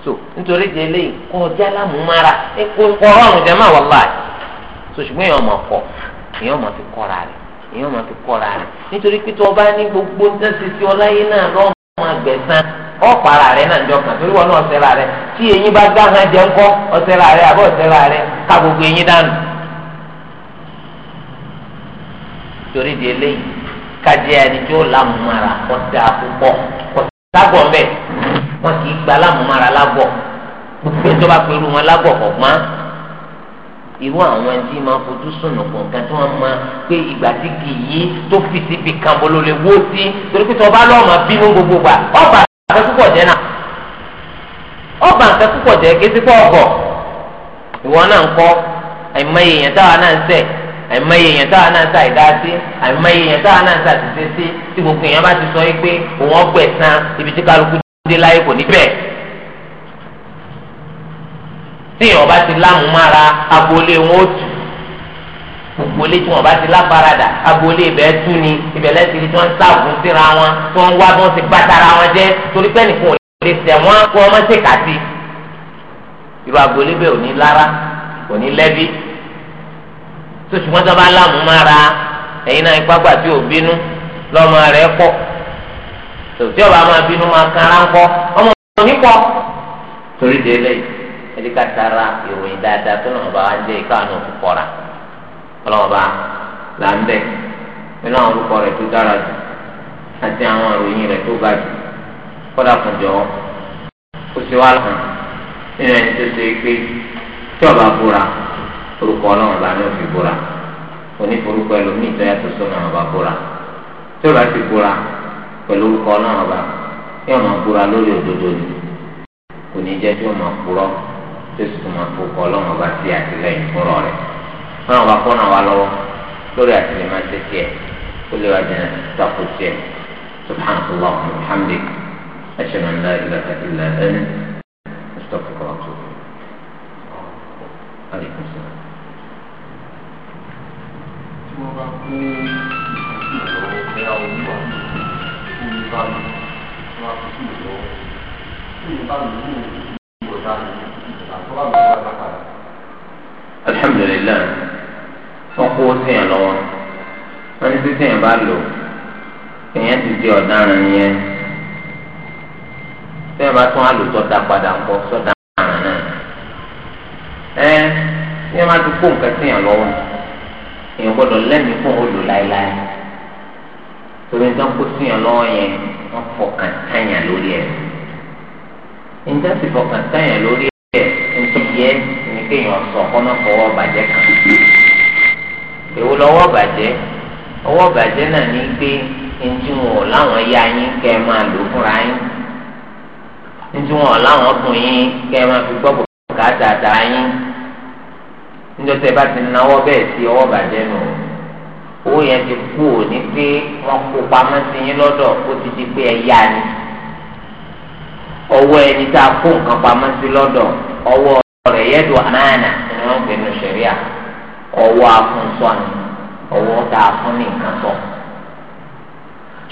so nítorí jẹ eléyìí kọ ọjà lámúmára kọ ọrọrùn jẹ máa so èèyàn ọmọ kọ èèyàn ọmọ èèyàn nítorí pé bá ní gbogbo tẹ́sí wọn gbẹ̀sán ọ rẹ̀ náà jọ kàn torí wọn náà ọ̀sẹ̀ la rẹ̀ tí eyín bá gbá hàn jẹ́ ńkọ́ ọ̀sẹ̀ la rẹ̀ àbọ̀ ọ̀sẹ̀ la rẹ̀ ká gbogbo eyín dànù. torí di eléyìí kájẹ́ wọn kì gba lámùmára irú àwọn ẹni tí máa fojú sùnù kàn kan tí wọ́n máa pé ìgbà tí kì í tó fi síbi kan bolo lè wó sí torí pé tí wọ́n bá lọ́ọ́ máa bínú gbogbo gbà ọba nǹkan púpọ̀ jẹ́ náà ọba nǹkan púpọ̀ jẹ́ kí sípò ọ̀gọ̀ ìwọ náà ń kọ́ àìmọye èèyàn táwa náà ń sẹ̀ àìmọye èèyàn táwa náà ń sà ìdá sí àìmọye èèyàn táwa náà ń sà títí sí tí gbogbo èèyàn bá ti sọ yìí pé òun ọgbẹ̀sán ibi tí kálukú dé láyé kò ní bẹ́ẹ̀ téèyàn bá ti lámúmára agboolé wọn ó tù agboolé tí wọn bá ti láparadà agboolé ibẹ̀ tú ni ibẹ̀ lẹ́sìn tí wọ́n ń sáàbùn síra wọn tí wọ́n ń wá bí wọ́n ti gbàtara wọn jẹ́ torí pé nìkan ò lè tẹ̀ wọ́n kó wọ́n mọ́ ṣèkàtì irú agboolé bẹ́ẹ̀ ò ní lára kò ní lẹ́bí tó ṣùgbọ́n tó bá lámúmára ẹ̀yin náà ipá gbà tí ò bínú lọ́mọ rẹ̀ pọ̀ tòtí ọba máa bínú máa kan ara ń kọ́ ọmọ òní pọ̀ torí délé yìí ẹdí ká tara ìròyìn dáadáa tó lọ́wọ́ bá wá ń jẹ́ ìkáàánú òkúkọ́ra ọlọ́wọ́ bá là ń bẹ̀ nínú àwọn orúkọ rẹ̀ tó dára jù àti àwọn ìròyìn rẹ̀ tó ga jù kọ́dà kùn jọ̀wọ́ ó sì wá lọ́kàn nínú ẹni tó ṣe pé tí ọba búra orúkọ ọlọ́wọ́ bá ní òfin búra oníforúkọ ẹlòmíì tó yàtọ̀ sọ́nà ọba búra tí ọba ti búra pẹ̀lú orúkọ ọlọ́wọ́ bá yóò máa búra lórí òdodo ni kò ní jẹ́ tí ó máa purọ́ tó sì tún máa fọkọ ọlọ́run ọba sí àtìlẹ́yìn fúnra rẹ̀ ọlọ́run ọba kọ́nà wa lọ́wọ́ lórí àtìlẹ́yìn máa ṣe tiẹ̀ ó lè wá jẹ́ sàkó tiẹ̀ subhanahu wa alhamdulilayi ashhadu an la ilaha illa anta astaghfiruka wa atubu ilayk tí wọ́n bá kó ìṣòro ìyá olúwa fún mi bá mi wọ́n á fi alhamdulilayi wọn kó sèyàn lọ́wọ́ wọn ní sísèyàn bá lò èèyàn ti di ọ̀daràn yẹn sèyàn bá tún àlùtọ́ da padà pọ̀ sọ́dà àrùn náà ẹ sèyàn bá ti kó nǹkan sèyàn lọ́wọ́ èèyàn gbọ́dọ̀ lẹ́mìí fún olù láéláé torí nǹkan kó sèyàn lọ́wọ́ yẹn wọn fọkàn táyà lórí ẹ̀ nígbà tí fọkàn táyà lórí ntìyẹ ní kéèyàn sọ kọ́nà fọwọ́ bàjẹ́ kan èwo lọ́wọ́ bàjẹ́ ọwọ́ bàjẹ́ náà ní pé ntí wọn ya yín kẹ́ ẹ máa lò fúnra yín ntí wọn láwọn kùn yín kẹ́ ẹ máa fi gbọ́ ti bẹ́ẹ̀ sí ọwọ́ bàjẹ́ nù owó yẹn ti kú pé wọ́n kó pamọ́ sí yín lọ́dọ̀ ó ti di pé ẹ ọwọ́ ẹni tá a kó nǹkan pamọ́ sí lọ́dọ̀ ọwọ́ rẹ̀ yẹ́dùn àmàna ni wọ́n pè ọwọ́ afúnsọ ọwọ́ tá a fún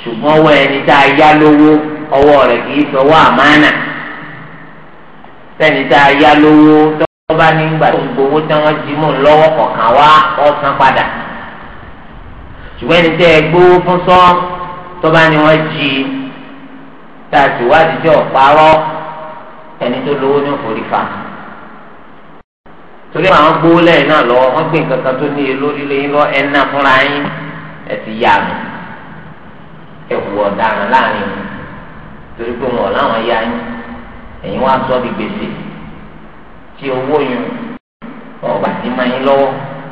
ṣùgbọ́n ọwọ́ ẹni tá a ọwọ́ rẹ̀ kì í àmàna sẹ́ni tá a yá lówó jí mú lọ́wọ́ kọ̀ọ̀kan tá a ti wádìí jọ parọ́ ẹni tó lówó ní òfòrí fa torí àwọn gbówó lẹ́yìn náà lọ wọ́n gbé nǹkan kan tó ní e lórí lẹ́yìn lọ ẹ̀ ń ná fúnra yín ẹ̀ ti yá mi ẹ̀ wù ọ̀daràn láàrin mi torí pé wọn làwọn ya yín ẹ̀yin wá sọ di gbèsè tí owó yín wọn bá ti máa yín lọ́wọ́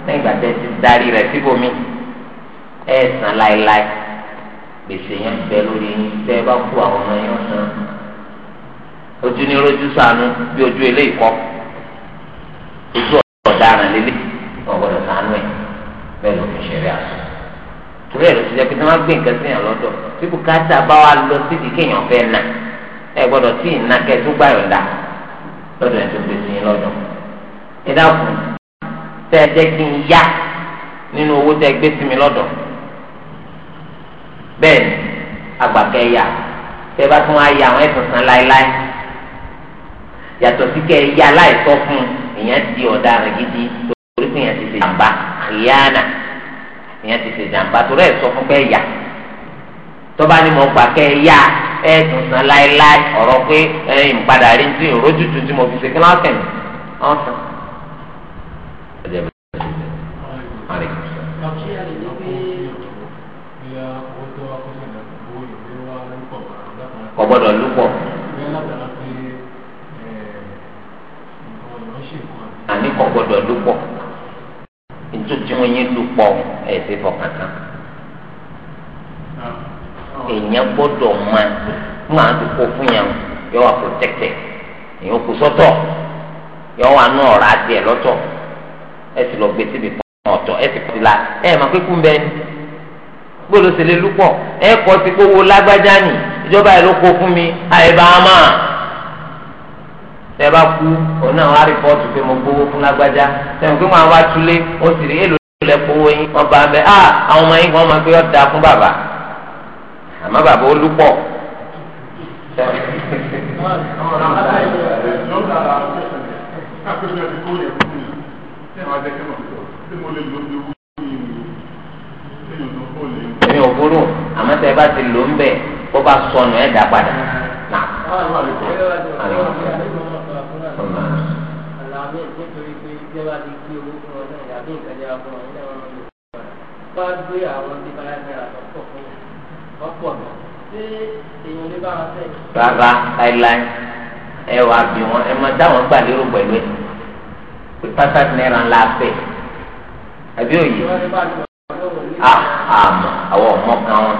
lẹ́yìn ìgbà tẹ́ ti darí rẹ̀ síbòmí ẹ̀ sàn láéláé gbèsè yẹn ń bẹ lórí yín tẹ ẹ bá kú àwọn ọmọ yẹn hàn ojú ni rojú sànú bí ojú eléyìí kọ ojú ọ̀daràn lélẹ̀ ọ̀gbọ́dọ̀ sànú ẹ̀ bẹ́ẹ̀ ló fi ṣẹlẹ̀ àṣọ torí ẹ̀ ló ti jẹ́ pé tí wọ́n gbé nǹkan síyàn lọ́dọ̀ bí bùkátà bá wa lọ síbi kéèyàn fẹ́ nà ẹ gbọ́dọ̀ tí ì nàkẹ́ tó gbàyọ̀ dà lọ́dọ̀ ẹ̀ tó gbé sí yín lọ́dọ̀ ẹ dákun tẹ́ ẹ jẹ́ kí n yá nínú owó tẹ́ gbé sí mi lọ́dọ̀ bẹ́ẹ̀ ni àgbàkẹ́ yà tẹ́ bá tún wá yà àwọn ẹ̀sùn san láéláé yàtọ̀ sí kẹ́ yà láìsọ fún ìyẹn di ọ̀daràn gidi torí pé ìyẹn ti ṣe jàǹbá àríyànà ìyẹn ti ṣe jàǹbá torí ẹ̀ sọ fún pé yà tọ́ba ni mo gbà kẹ́ yà ẹ̀sùn san láéláé ọ̀rọ̀ pé ẹ̀yìn padà rí ti ìrójútu tí mo fi ṣe kí wọ́n sẹ̀ mí wọ́n kò gbọ́dọ̀ lúpọ̀. àní kò gbọ́dọ̀ lúpọ̀ ètò tí wọ́n yín lúpọ̀ ẹ̀ ṣe fọkàn tán èèyàn gbọ́dọ̀ máa fún àdúgbò fún yàn yọ wà protected èèyàn kò sọ́tọ̀ yọ wà nù ọ̀rá tiẹ̀ lọ́tọ̀ ẹ sì lọ gbé síbi kan ọ̀tọ̀ ẹ la ẹ máa pé kú gbọ́dọ̀ sì lè lúpọ̀ ẹ kọ́ sí kówó lágbájá nì ìjọba ẹ̀ ló kó fún mi àìbá ama tẹ bá kú òun náà wá rìpọ́tù pé mo gbowó fún lágbájá sẹ́yìn pé màá wá túlé ó sì rí èlò ìlẹ̀ kówó yín wọn bá bẹ ah àwọn ọmọ yín kan máa pé ọ̀dà fún bàbá àmọ́ bàbá ó lúpọ̀ burú àmọ́ tẹ́ ẹ bá ti lò ń bẹ̀ kó bá sọnù ẹ̀ dá padà. rárá láíláí ẹ wàá bí wọn ẹ máa dáwọn gbà lérò pẹ̀lú ẹ pé pátá náírà ńlá fẹ́ àbí òye àmọ́ àwọn ọmọ kan wọn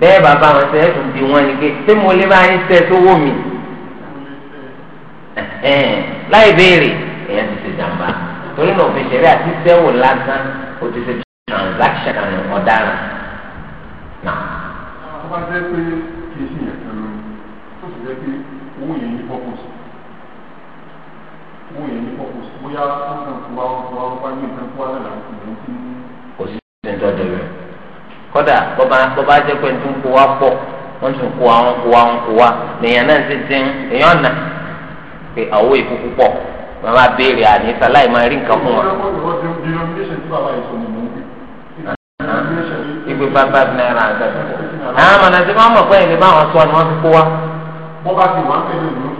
bẹ́ẹ̀ bàbá wọn sẹ ẹsùn bí wọn ni pé ṣé mo lè máa ń sẹ tó wò mí láì béèrè èèyàn ti ṣe jàmbá torí náà òfin ṣẹlẹ̀ àti sẹwò lásán o ti ṣe transaction ọ̀daràn náà. wọ́n bá jẹ́ pé kì í ṣe yẹn kan lórí tó sì jẹ́ pé owó yẹn ní purpose owó yẹn ní purpose bóyá wọ́n kàn fún wa wọ́n fún wa wọ́n bá yẹn kan fún wa lẹ́la fún wọn tí ń tẹ̀tọ́ dẹ̀rẹ̀ kọ́dà bọ́bá jẹ́ pé tó ń kó wa pọ̀ wọ́n tún kó wa wọ́n kó wa wọ́n kó wa lèèyàn náà ti dín èèyàn nà pé àwọ̀ èkó púpọ̀ wọ́n máa béèrè àníṣà láì máa rí nǹkan fún wa. ìgbé bàbá náírà àgbàdo àwọn ọmọ náà ti mọ̀ pé ìlú báwọn sọ ni wọ́n fi kó wa. wọ́n bá ti wọ́n fẹ́ lè lò ó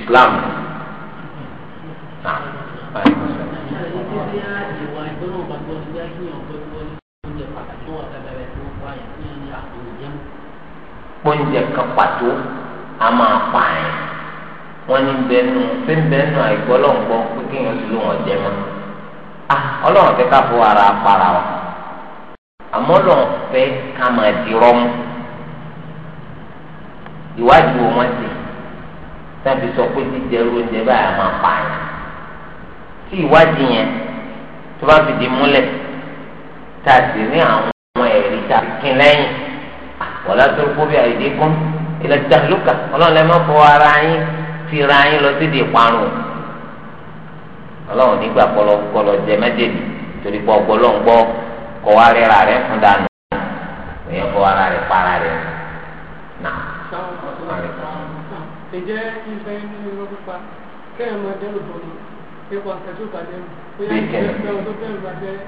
Islam. oúnjẹ kan pàtó a máa pa àyàn wọn ní bẹnu ṣé ń bẹnu àìgbọ́lọ́ngbọ́ pé kéèyàn sì ló wọn jẹ mọ́ a ah, ọlọ́run fẹ́ ká fún ara para wa àmọ́ ọlọ́run fẹ́ ká máa di rọ́mú ìwádìí wo wọ́n ti tàbí sọ pé jíjẹ oúnjẹ báyà máa pa àyàn tí ìwádìí yẹn tó bá fìdí múlẹ̀ tá a sì ní àwọn ẹ̀rí tá a fi kín lẹ́yìn wala tulqu bi aydikum ila tahluka ọlọ́run lẹ́ẹ̀ máa fọ ara yín fi ra yín lọ sí di ìparun ọlọ́run nígbà kọlọkọlọ jẹ méjèèjì torí pé ọgbọ́ ló ń gbọ́ kọ́ wa rẹ́ra rẹ̀ fún dànù èèyàn fọ ara rẹ̀ para rẹ̀ nà. ǹjẹ́ ìfẹ́ ní irọ́ pípa kẹ́hìn máa dẹ́rù bọ̀ ni ipò àkàtì ò bá dẹ́rù bóyá ìfẹ́ ọdún dẹ́rù bá dẹ́rù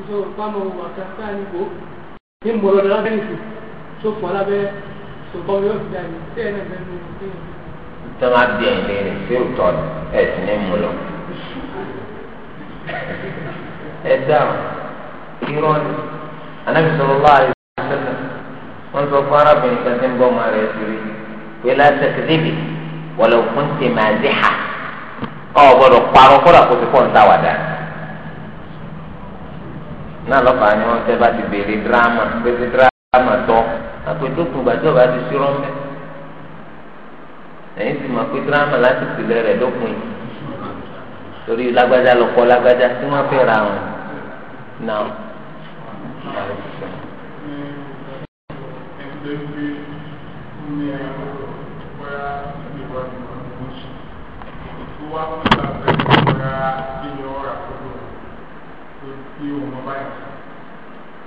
ìṣòro pàmò wà kàtà ní kò ní mọ̀lọ́dọ̀ lábẹ́ ìṣòro tó pọ̀ lábẹ́ sọ̀tọ̀ yóò fi dàní tí ẹ̀ náà fẹ́ẹ́ mú un. tó máa bí ẹ̀yìn lé rẹ̀ sí òótọ́ ẹ̀ sì ní mú lọ. ẹ dáhùn irọ́ ni anábì sọ̀rọ̀ láàyè sẹ́sẹ̀ wọ́n sọ fún arábìnrin kan tí ń bọ́ ọmọ rẹ̀ sórí pé láti ṣèkìdìbì wọlé òkun ti máa dé ha ọ gbọ́dọ̀ parọ́ kó dà kó ti pọ̀ ń táwàdà náà lọ́kàn ni wọ́n fẹ́ bá ti béèrè dírámà pé ti dírámà tọ́ àpètòkùn gbàjọ́ bá ti sírọ́ mẹ́ ẹ̀yin sì mọ̀ pé dírámà láti pìlẹ̀ rẹ̀ lópin torí lágbájá lọ́kọ lágbájá tí wọ́n fẹ́ ra wọn náà.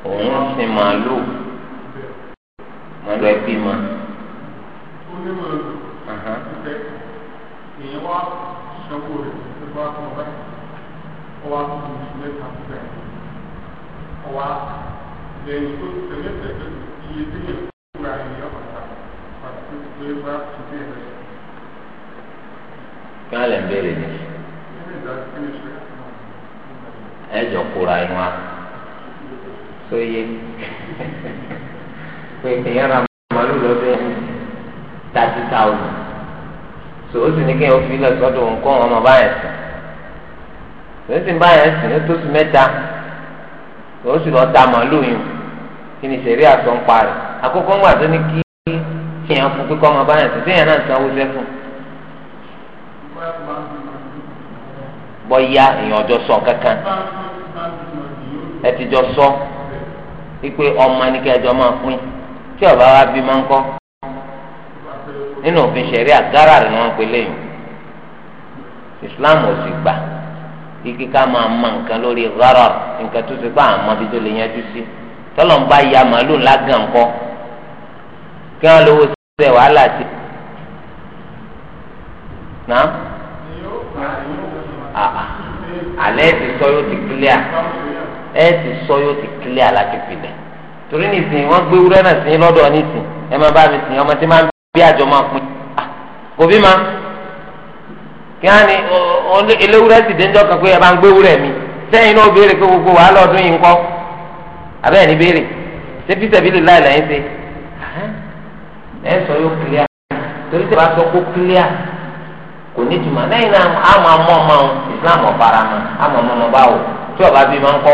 òun sin màálù mo lọ ẹbí ma. èèyàn wá ṣọ́kù rẹ̀ tó bá tó rẹ̀ ó wá tó tún sílẹ̀ tàbí bẹ́ẹ̀ ó wá lẹ́yìn tó tẹ̀lé tẹ̀lé iye tó yẹ kó ra ènìyàn pàtà pàtó tó gbé bá tó dé rẹ̀. kí wọ́n lè ń béèrè ní. ẹ jọ kóra inú wa sóye. pé èèyàn ra màálù lọ́dún yẹn thirty so o sì ní kéèyàn fi lọ sọ́dọ̀ òun ọmọ báyẹn sùn sì ń báyẹn sùn sì ta màálù yìí kí ni ìṣeré àtọ́ ń parí àkókò ń wà tó ní kí kéèyàn fún pé ọmọ báyẹn sùn téèyàn náà sanwó sọ kankan ẹ sọ wípé ọmọ máa pín. tí ọba wa bí máa ń kọ́ nínú òfin ṣẹ̀rí àgárà rẹ̀ ni wọ́n pe lẹ́yìn Islam ò sì gbà igi ká máa ma nǹkan lórí rárá nǹkan tó ti pa àmọ́ bí tó lè yanjú sí tọ́lọ̀ ń bá ya màálù lágàn kọ́ kí wọ́n lówó síbẹ̀ wàhálà sí na alẹ́ ti sọ yóò ti clear ẹ ti sọ yóò ti clear láti pilẹ̀. torí nìsín wọ́n gbé wúrẹ́ náà sí lọ́dọ̀ nìsín ẹ máa bá mi sìn ọmọ tí máa ń bí àjọ máa pín kò ah, bí ma kí á ní eléwúrẹ́ sì pé ẹ ń gbé wúrẹ́ mi sẹ́yìn náà béèrè pé gbogbo wàhálà ọdún yìí ń kọ́ béèrè ṣé láì ṣe ẹ sọ yóò àmọ́ ọmọ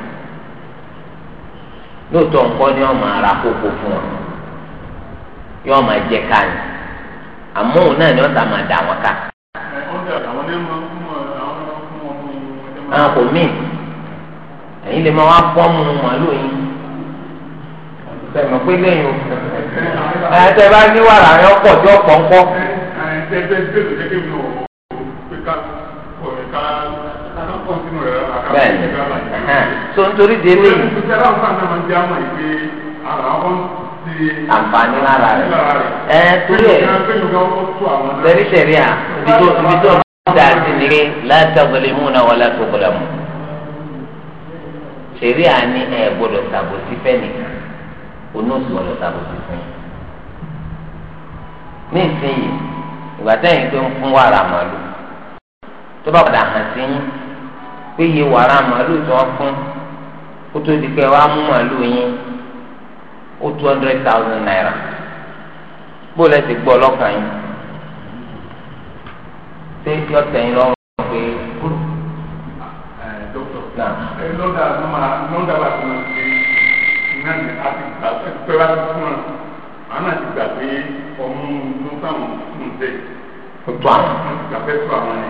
lóòótọ́ nǹkan ni ọmọ ara kókó fún wọn yọ ọmọ jẹ káàní àmọ́ òun náà ni ọ̀tá máa dà wọn ká. àwọn kò mí ẹ̀yin lè máa wá fọ́ọ̀mù màlúù yín tẹ̀mọ̀ pé lẹ́yìn o ẹ̀ bá ní wàrà yọ pọ̀ tí ó pọ̀ ń pọ̀ bẹ́ẹ̀ so nítorí de eléyìí. àǹfààní lára rẹ̀ ẹ torí ẹ̀ sẹ́rí sẹ́rí à ibi tó dá sí ni pé látàgbélé mú náà wọ́n látọ̀gbélé mú sẹ́rí à ní ẹ̀ gbọ́dọ̀ ṣàbòsí fẹ́nìkan onóòsì gbọ́dọ̀ ṣàbòsí fún yín ní ìsinyìí ìgbà tẹ́yìn tó ń fún wàrà màlúù tó bá padà hàn sí yín pé iye wàrà màálù tí wọ́n fún kó tó di pé wàá mú màálù yín ó two hundred thousand naira bó lẹ ti gbọ́ ọlọ́kàn yín ṣé yọ tẹ̀yìn lọ́wọ́ pé. lọ́dà lọ́dà bá tó ń ṣe iná ní àti gbà pé wá fún un àwọn àti gbà pé ọmú ló fáwọn fún un dé. ó tó àwọn. wọ́n ti gbà pé tó àwọn ni.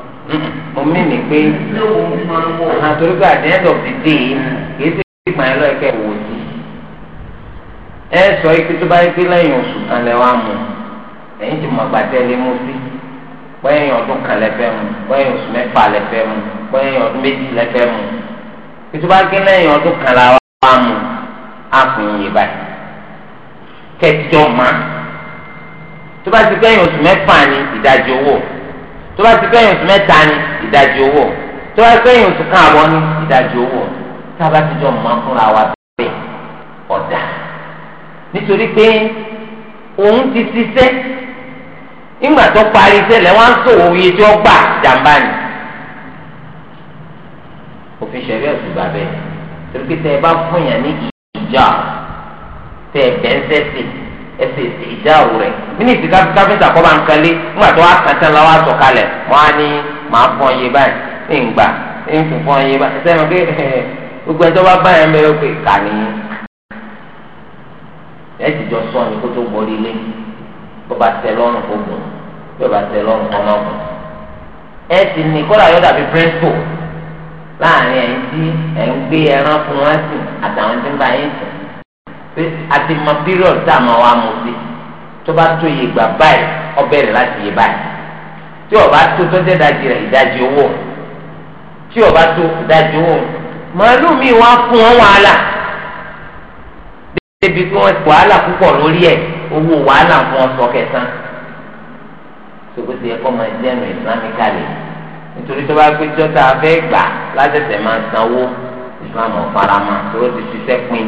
mo mí mi pé àtòrí pé at the end of the day hmm. kì í ṣe ìgbà yẹn lọ́ọ́ kẹ́ wò ó sí. ẹ sọ ike tó bá yẹ pé lẹ́yìn oṣù kan lẹ wá mu lẹ́yìn tí mo gbàtẹ́ lé mú sí bọ́yẹ̀yìn ọdún kan lẹ fẹ́ mu bọ́yẹ̀yìn oṣù mẹ́fà lẹ fẹ́ mu bọ́yẹ̀yìn ọdún méjì lẹ fẹ́ mu ètò bá gé lẹ́yìn ọdún kan la wá mu àfihàn yìí báyìí kẹ́tìjọ́ máa tó bá ti gbẹ̀yìn oṣù mẹ́fà ni ìdajì owó tó bá ti kẹ́yìn oṣù mẹ́ta ni ìdajì owó tó bá kẹ́yìn oṣù kan àbọ̀ ni ìdajì owó tá a bá ti jọ mọ́ fúnra wa bẹ́ẹ̀ ọ̀dà nítorí pé òun ti ṣiṣẹ́ ìgbà tó parí iṣẹ́ lẹ́ wọ́n á sòwò iye tí wọ́n gbà jàǹbá ni òfin ṣẹ̀rí ọ̀sùn gbà bẹ́ẹ̀ torí pé tẹ́ ẹ bá fún yàn ní ìjà tẹ́ ẹ bẹ́ẹ̀ ń sẹ́sìn. ẹsẹ̀ ìjáwó rẹ̀ nínú ìsìká káfíńtà kọ́ bá ń kalẹ̀ nígbà tó wá kàn lọ́wọ́ àtọ̀ wọ́n á ní màá fún ọ yé báyìí ní ìgbà ní ìfún fún ọ yé báyìí ẹsẹ̀ pé gbogbo ẹjọ́ bá báyìí ẹ̀mẹ́ ó pè kà ní. ẹ ti jọ sọ ni kó tó gbórí lé kó bá tẹ lọ́rùn kó gùn kó bá tẹ lọ́rùn kó gùn. ẹ ti ní kó pé àti mọ period tá a máa wá mu sí tó bá tó iye gbà báyìí ọbẹ̀ rẹ̀ láti yé báyìí tí ọba tó tọ́jú ìdajì rẹ̀ ìdajì owó tí ọba tó ìdajì owó màálùú mi wá fún wọn wàhálà débi pé wọn wàhálà púpọ̀ lórí ẹ̀ owó wàhálà fún wọn sọ kẹsàn-án sokoto yẹ kọ́ máa jẹ́nu ìsìlámíkàlì nítorí tó bá gbé jọ́tà fẹ́ gbà lájẹsẹ̀ máa sanwó ìsìlámù ọ̀farama tó ti ṣiṣẹ́ pin.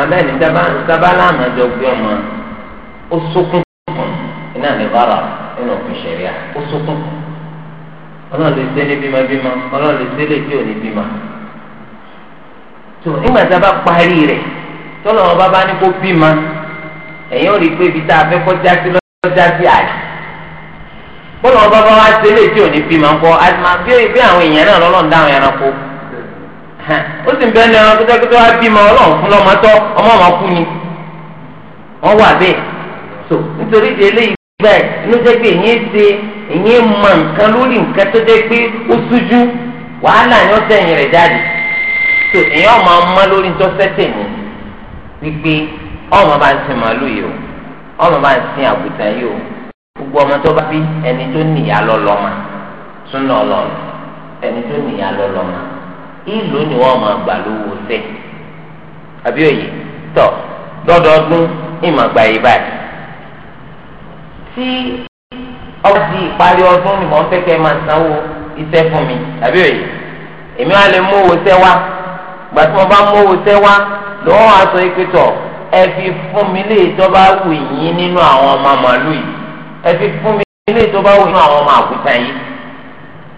àbẹ́ ní sábà láàmú ẹjọ́ gbé ọmọ ó sókún kún iná ní bára nínú òfin ṣẹ̀ríà ó sókún kún ọlọ́run lè sẹ́lẹ̀ bímọbímọ ọlọ́run lè sẹ́lẹ̀ tí ò ní bímọ. tó nígbà tá a bá parí rẹ̀ tọ́lọ̀ wọn bá bá ní kó bímọ ẹ̀yin ò rí i pé ibi tá a fẹ́ kọjá sí lọ́jà sí àyè. bọ́lá wọn bá wá sẹ́lẹ̀ tí ò ní bímọ kọ́ àti bí àwọn èèyàn náà lọ́lọ́ ń dáhùn ẹranko. ó sì ń bẹ́ẹ̀ ní ha kótókótó á bímọ ọlọ́run fún lọ́mọ tọ́ ọmọ ọmọ ni wọ́n wà bẹ́ẹ̀ so nítorí ìdí eléyìí inú jẹ́ pé èyí ṣe èyí mọ nǹkan lórí nǹkan tó jẹ́ pé ó wàhálà so èyí ọmọ ọmọ lórí tó sẹ́sẹ̀ ní wípé ọmọ bá ń sin màálù o ọmọ bá ń sin àgùntàn yìí o gbogbo ọmọ tó bá bí ẹni tó nìyá lọ́lọ́mà ìlú ni wọ́n máa gbà lówó sẹ́ àbí òye tọ̀ lọ́dọọdún ìmọ̀ àgbà yìí báyìí tí ọba di ìparí ọdún ni mò ń fẹ́ kẹ́ máa sanwó iṣẹ́ fún mi àbí òye èmi wá lè mú owó sẹ́ wá gbà tí mo bá mú owó sẹ́ wá lọ́wọ́ aṣọ ìpẹ́tọ̀ ẹ fi fún mi lè jọba wù yín nínú àwọn ọmọ màálù yìí ẹ fi fún mi lè jọba wù yín nínú àwọn ọmọ àkútà yìí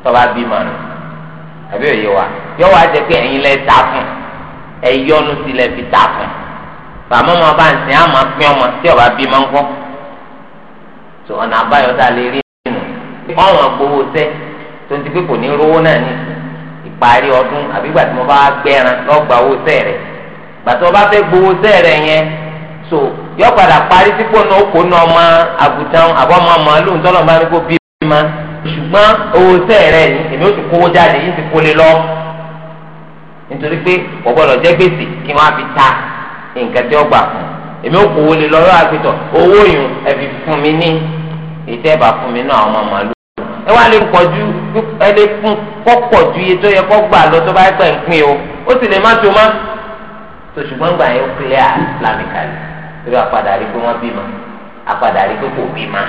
tọ́ba bí màálù. àbí òye wa yọ wá jẹ pé ẹ̀yin lẹ ta fún sí lẹ fi ta fún fàmọ́ ọmọ bá ń sìn á máa ọmọ tí ọba bí máa ń kọ́ tó ọ̀nà àbáyọ tá a lè rí nínú ọ̀ràn gbowó sẹ́ tó ti pé kò ní rówó náà ní ìparí ọdún mo bá lọ́gbà owó sẹ́ rẹ̀ bá fẹ́ gbowó sẹ́ rẹ̀ yẹn yọ padà parí sípò náà kó náà àbọ̀ ṣùgbọ́n owó sẹ́ rẹ ni èmi ó ti kówó jáde yìí ti kólé lọ nítorí pé kò gbọ́dọ̀ jẹ́ gbèsè kí wọ́n á fi ta nǹkan tí ó gbà fún èmi ó kówó lé lọ́rọ́ àgbẹ̀tọ̀ owó yìí ẹ fi fún mi ní ìtẹ́ẹ̀bà fún mi náà àwọn màálù ẹ wá lè pọ̀jù ẹ lè fún kọ́pọ̀ ju iye tó yẹ kó gbà lọ tó bá pẹ̀ ń pín o ó sì lè má tó má tó ṣùgbọ́n gbà yẹn ó kílẹ̀ àlàmìkalì torí àpadà rí pé wọ́n bímọ àpadà rí pé kò bímọ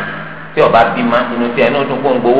tí ọba bímọ inú tí ẹnu dún kó ń gbowó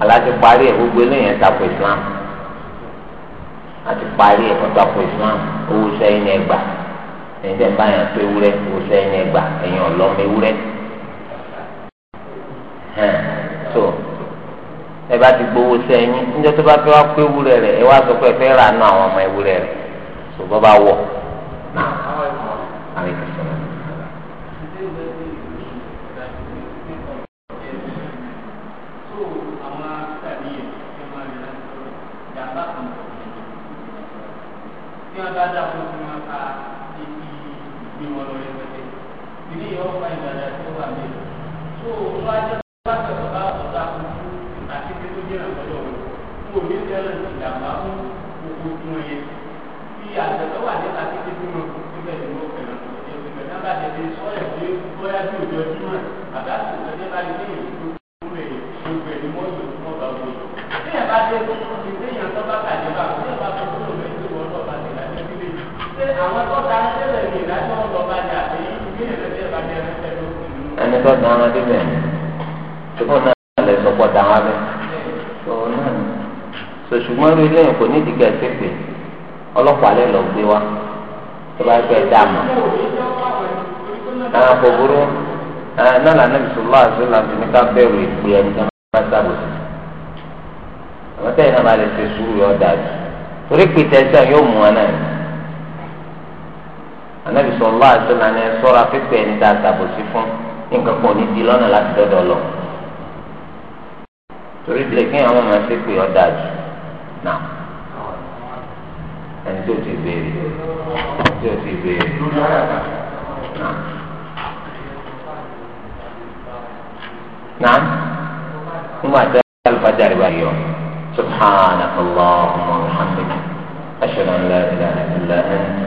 aláti parí ẹ̀ gbogbo eléyìí tako islam àti parí ẹ̀ tako islam owó sẹ́yìn ní ẹgbà ẹ̀yìn tẹ̀ bá yàn tó ewúrẹ́ owó sẹ́yìn ní ẹgbà ẹ̀yìn ọ̀lọ́mọ ewúrẹ́ hàn so ẹ bá ti gbowó sẹ́yìn níjẹ́ tó bá fẹ́ wá pé ewúrẹ́ rẹ̀ ẹ wá sọ pé ẹ fẹ́ rà nù àwọn ọmọ ewúrẹ́ rẹ̀ so bọ́ bá wọ̀ náà àwọn ìkàsọ̀rọ̀. máa bá dà fún mi máa ka ibi ìgbìmọ̀ lọ rẹ̀ pẹ̀lẹ́ ìdí yìí wọ́n fa ìdàdà tó wà mí. tó o wá jẹ́ bá tẹ̀sán bá ọ̀tá fún un àti pé tó jẹ́ ìrànlọ́wọ́ rẹ̀ fún omi tẹ́lẹ̀ ìdàgbà fún gbogbo fún ẹyẹ. bí àtẹ̀tọ́ wà ní àti pé fún un síbẹ̀ ni wọ́n fẹ̀rẹ̀ ìgbẹ̀ náà bá tẹ̀lé sọ́yà pé bóyá bí òjò ọdún náà àbá tó tẹ̀lé bá lè ní ìlú tó kúrò ẹ̀ gbogbo ẹ̀ ni wọ́n yóò fún ọ̀gá òjò. bí ẹ̀ bá dé tó kúrò àwọn tó ta ẹlẹ́lẹ̀ yìí lájọ́ ọ̀dọ́ba jà pé ìbí ìrẹsẹ̀ bá jẹ́ ẹlẹ́sẹ̀ ló kù. ẹni tó dán adé bẹ̀ ṣùgbọ́n náà lè sọpọ̀ dán wa bẹ̀ sòṣùgbọ́n irú ilé yẹn kò ní ìdíkẹ́ ẹsẹ̀ pé ọlọ́pàá lè lọ gbé wa tó bá gbẹ dáa mọ́ àwọn kò burú náà lànà bisimilá àti làǹtí ní ká bẹ̀rù ìpè ẹni tó máa sábòsí àwọn tẹ̀yìn náà máa lè ṣe sùúrù yọ̀ dájú torí pété ẹsẹ̀ yóò mú wọn náà anabi sọlá àtúnà ni ṣọ́ra pípẹ́ ẹni tá a ṣàbòsí fún nǹkan kan ní di lọ́nà láti dọ́dọ̀ lọ. torí bíi kí àwọn máa ṣe pé ọ̀dà jù náà ẹni tó ti béèrè ẹni tó ti béèrè náà. náà nígbà tí alifájà rẹ̀ bá yọ subhanaka allahumma wa bihamdika ashhadu an la ilaha illa anta.